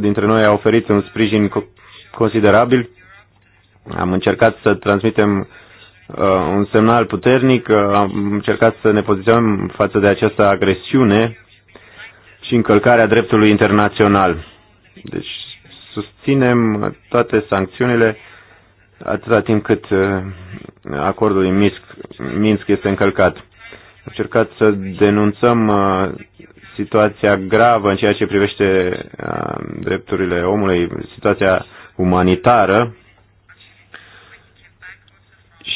dintre noi au oferit un sprijin considerabil. Am încercat să transmitem Uh, un semnal puternic. Uh, am încercat să ne poziționăm față de această agresiune și încălcarea dreptului internațional. Deci susținem toate sancțiunile atâta timp cât uh, acordul din Minsk, Minsk este încălcat. Am încercat să denunțăm situația gravă în ceea ce privește drepturile omului, situația umanitară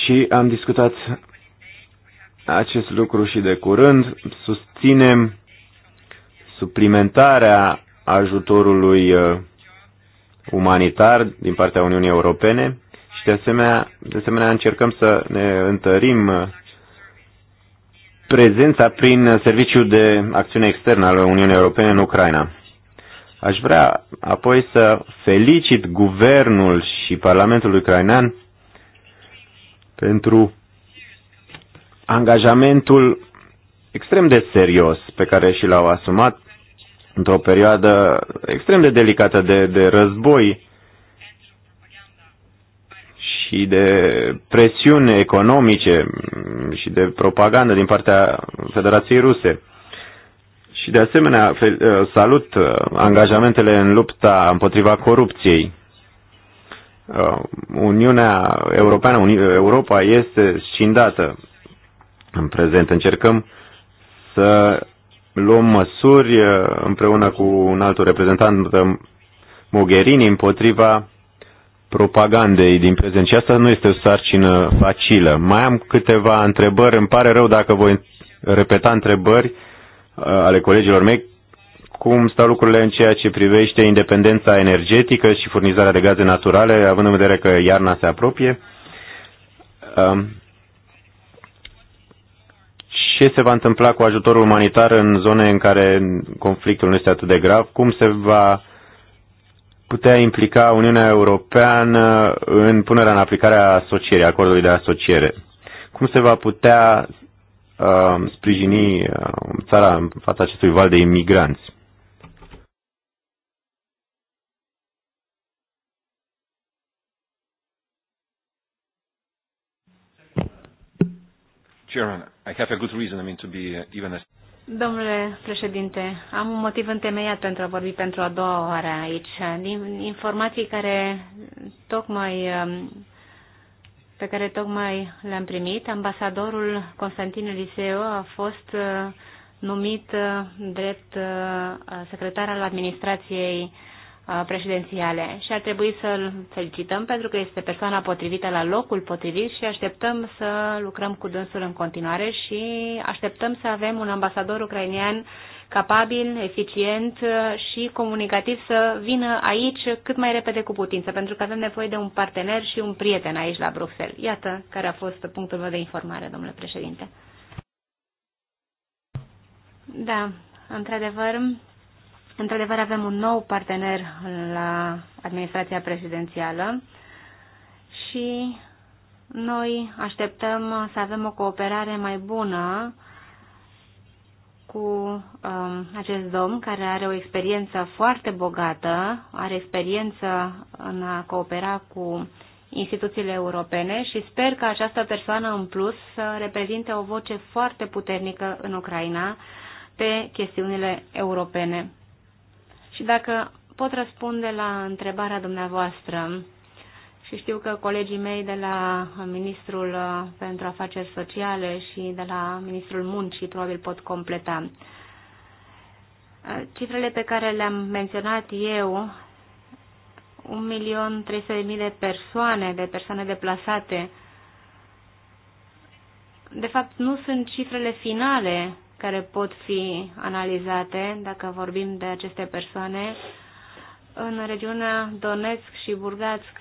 și am discutat acest lucru și de curând. Susținem suplimentarea ajutorului uh, umanitar din partea Uniunii Europene și de asemenea, de asemenea încercăm să ne întărim uh, prezența prin Serviciul de Acțiune Externă al Uniunii Europene în Ucraina. Aș vrea apoi să felicit guvernul și Parlamentul ucrainean pentru angajamentul extrem de serios pe care și l-au asumat într-o perioadă extrem de delicată de, de război și de presiuni economice și de propagandă din partea Federației Ruse. Și de asemenea salut uh, angajamentele în lupta împotriva corupției Uh, Uniunea Europeană, Europa este scindată în prezent. Încercăm să luăm măsuri uh, împreună cu un altul reprezentant uh, Mogherini împotriva propagandei din prezent. Și asta nu este o sarcină facilă. Mai am câteva întrebări. Îmi pare rău dacă voi repeta întrebări ale colegilor mei cum stau lucrurile în ceea ce privește independența energetică și furnizarea de gaze naturale, având în vedere că iarna se apropie. Um, ce se va întâmpla cu ajutorul umanitar în zone în care conflictul nu este atât de grav? Cum se va putea implica Uniunea Europeană în punerea în aplicare a asocierii, acordului de asociere? Cum se va putea um, sprijini um, țara în fața acestui val de imigranți. Chairman, I have a good reason, I mean, to be uh, even as... Domnule președinte, am un motiv întemeiat pentru a vorbi pentru a doua oară aici. Din informații care tocmai um, pe care tocmai le-am primit, ambasadorul Constantin Eliseu a fost uh, numit uh, drept secretar al administrației Uh, președințiale și ar trebui să-l felicităm pentru că este persoana potrivită la locul potrivit și așteptăm să lucrăm cu dânsul în continuare și așteptăm să avem un ambasador ucrainian capabil, eficient și comunicativ să vină aici cât mai repede cu putință, pentru că avem nevoie de un partener și un prieten aici la Bruxelles. Iată care a fost punctul meu de informare, domnule președinte. Da, într-adevăr, Într-adevăr, avem un nou partener la administrația prezidențială și noi așteptăm să avem o cooperare mai bună cu um, acest domn care are o experiență foarte bogată, are experiență în a coopera cu instituțiile europene și sper că această persoană în plus să reprezinte o voce foarte puternică în Ucraina pe chestiunile europene. Și dacă pot răspunde la întrebarea dumneavoastră, și știu că colegii mei de la Ministrul uh, pentru Afaceri Sociale și de la Ministrul Muncii probabil pot completa. Uh, cifrele pe care le-am menționat eu, 1.300.000 de persoane, de persoane deplasate, de fapt nu sunt cifrele finale care pot fi analizate, dacă vorbim de aceste persoane, în regiunea Donetsk și Burgatsk.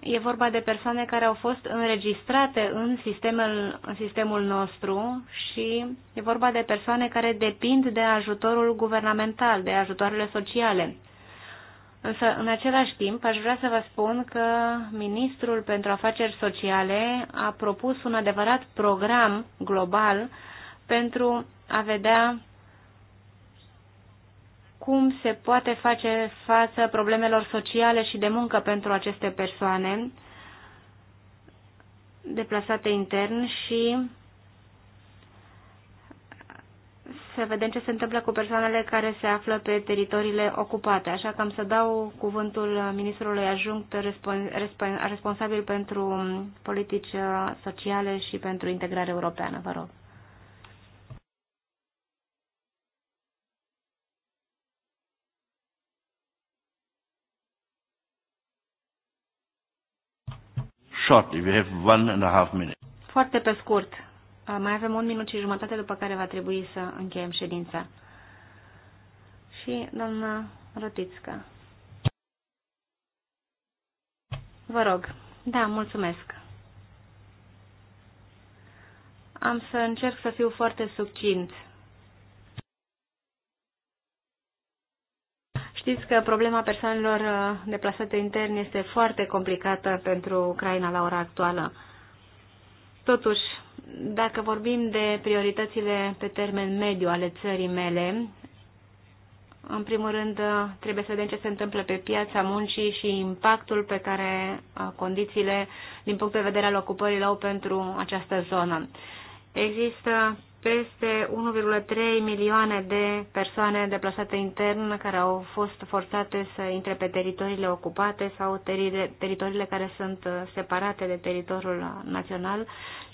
E vorba de persoane care au fost înregistrate în sistemul, în sistemul nostru și e vorba de persoane care depind de ajutorul guvernamental, de ajutoarele sociale. Însă, în același timp, aș vrea să vă spun că Ministrul pentru Afaceri Sociale a propus un adevărat program global pentru a vedea cum se poate face față problemelor sociale și de muncă pentru aceste persoane deplasate intern și să vedem ce se întâmplă cu persoanele care se află pe teritoriile ocupate. Așa că am să dau cuvântul ministrului ajunct responsabil pentru politici uh, sociale și pentru integrare europeană. Vă rog. shortly. We have one and a half minutes. Foarte pe scurt. Uh, mai avem un minut și jumătate după care va trebui să încheiem ședința. Și doamna Rotițcă. Vă rog. Da, mulțumesc. Am să încerc să fiu foarte succint. Știți că problema persoanelor uh, deplasate intern este foarte complicată pentru Ucraina la ora actuală. Totuși, dacă vorbim de prioritățile pe termen mediu ale țării mele, în primul rând uh, trebuie să vedem ce se întâmplă pe piața muncii și impactul pe care uh, condițiile din punct de vedere al ocupării l-au pentru această zonă. Există peste 1,3 milioane de persoane deplasate intern care au fost forțate să intre pe teritoriile ocupate sau teri teritoriile care sunt uh, separate de teritoriul național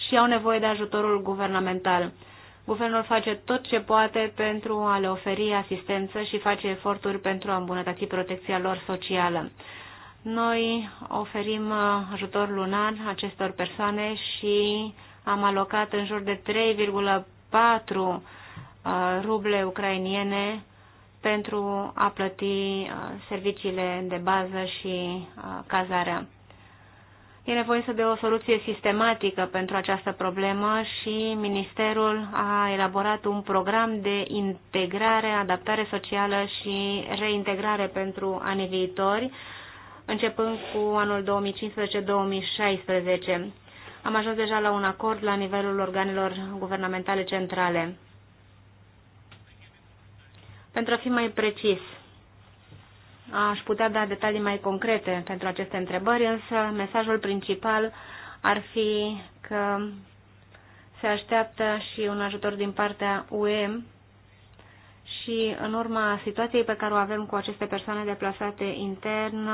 și au nevoie de ajutorul guvernamental. Guvernul face tot ce poate pentru a le oferi asistență și face eforturi pentru a îmbunătăți protecția lor socială. Noi oferim uh, ajutor lunar acestor persoane și am alocat în jur de 4 uh, ruble ucrainiene pentru a plăti uh, serviciile de bază și uh, cazarea. E nevoie să de o soluție sistematică pentru această problemă și Ministerul a elaborat un program de integrare, adaptare socială și reintegrare pentru anii viitori, începând cu anul 2015-2016. Am ajuns deja la un acord la nivelul organelor guvernamentale centrale. Pentru a fi mai precis, aș putea da detalii mai concrete pentru aceste întrebări, însă mesajul principal ar fi că se așteaptă și un ajutor din partea UE și în urma situației pe care o avem cu aceste persoane deplasate intern,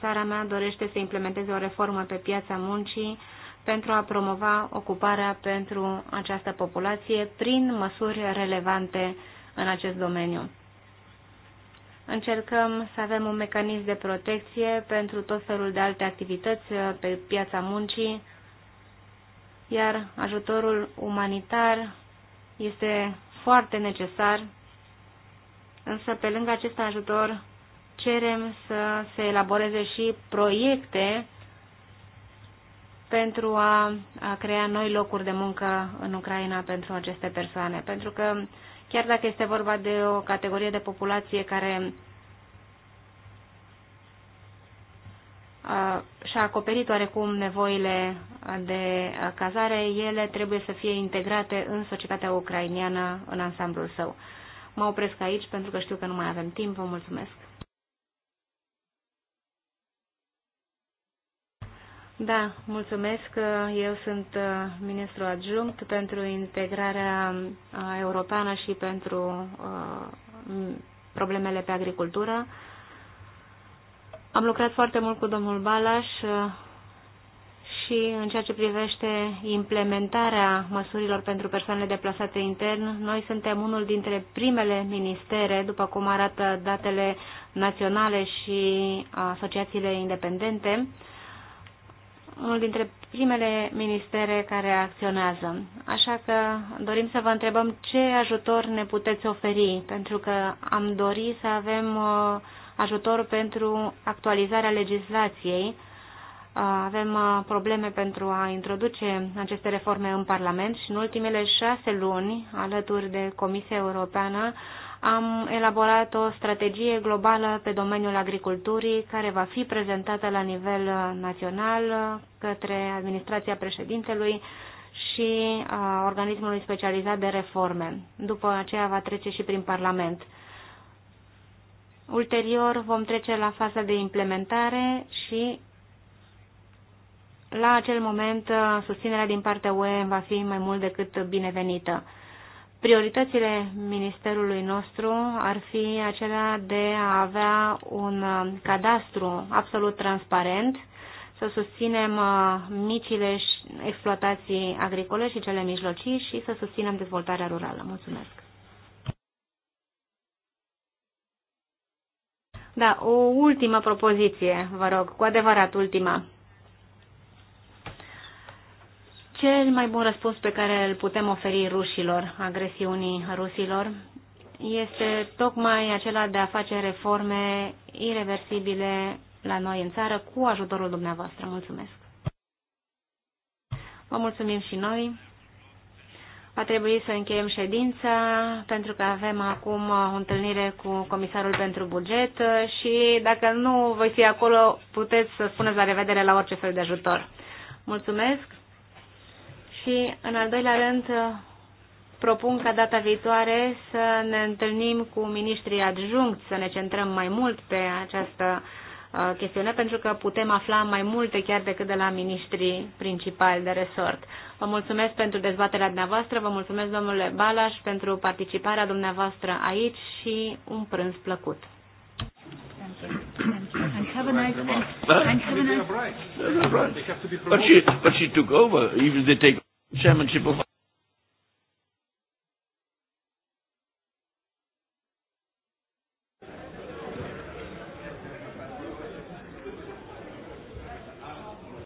țara mea dorește să implementeze o reformă pe piața muncii pentru a promova ocuparea pentru această populație prin măsuri relevante în acest domeniu. Încercăm să avem un mecanism de protecție pentru tot felul de alte activități uh, pe piața muncii, iar ajutorul umanitar este foarte necesar, însă pe lângă acest ajutor cerem să se elaboreze și proiecte pentru a, crea noi locuri de muncă în Ucraina pentru aceste persoane. Pentru că chiar dacă este vorba de o categorie de populație care și-a acoperit oarecum nevoile de cazare, ele trebuie să fie integrate în societatea ucrainiană în ansamblul său. Mă opresc aici pentru că știu că nu mai avem timp. Vă mulțumesc! Da, mulțumesc. Eu sunt uh, ministru adjunct pentru integrarea uh, europeană și pentru uh, problemele pe agricultură. Am lucrat foarte mult cu domnul Balas și în ceea ce privește implementarea măsurilor pentru persoanele deplasate intern, noi suntem unul dintre primele ministere, după cum arată datele naționale și asociațiile independente, uh, unul dintre primele ministere care acționează. Așa că dorim să vă întrebăm ce ajutor ne puteți oferi, pentru că am dori să avem uh, ajutor pentru actualizarea legislației. Uh, avem uh, probleme pentru a introduce aceste reforme în Parlament și în ultimele șase luni, alături de Comisia Europeană, am elaborat o strategie globală pe domeniul agriculturii care va fi prezentată la nivel uh, național uh, către administrația președintelui și a uh, organismului specializat de reforme. După aceea va trece și prin Parlament. Ulterior vom trece la faza de implementare și la acel moment susținerea din partea UE va fi mai mult decât binevenită. Prioritățile ministerului nostru ar fi acelea de a avea un uh, cadastru absolut transparent, să susținem uh, micile exploatații agricole și cele mijlocii și să susținem dezvoltarea rurală. Mulțumesc! Da, o ultimă propoziție, vă rog, cu adevărat ultima. Cel mai bun răspuns pe care îl putem oferi rușilor, agresiunii rusilor, este tocmai acela de a face reforme irreversibile la noi în țară cu ajutorul dumneavoastră. Mulțumesc! Vă mulțumim și noi! Va trebui să încheiem ședința pentru că avem acum o întâlnire cu comisarul pentru buget și dacă nu voi fi acolo, puteți să spuneți la revedere la orice fel de ajutor. Mulțumesc! Și, în al doilea rând, propun ca data viitoare să ne întâlnim cu ministrii adjuncți, să ne centrăm mai mult pe această uh, chestiune, pentru că putem afla mai multe chiar decât de la ministrii principali de resort. Vă mulțumesc pentru dezbaterea dumneavoastră, vă mulțumesc, domnule Balaș, pentru participarea dumneavoastră aici și un prânz plăcut. But she, but she took over. Even they take chairmanship of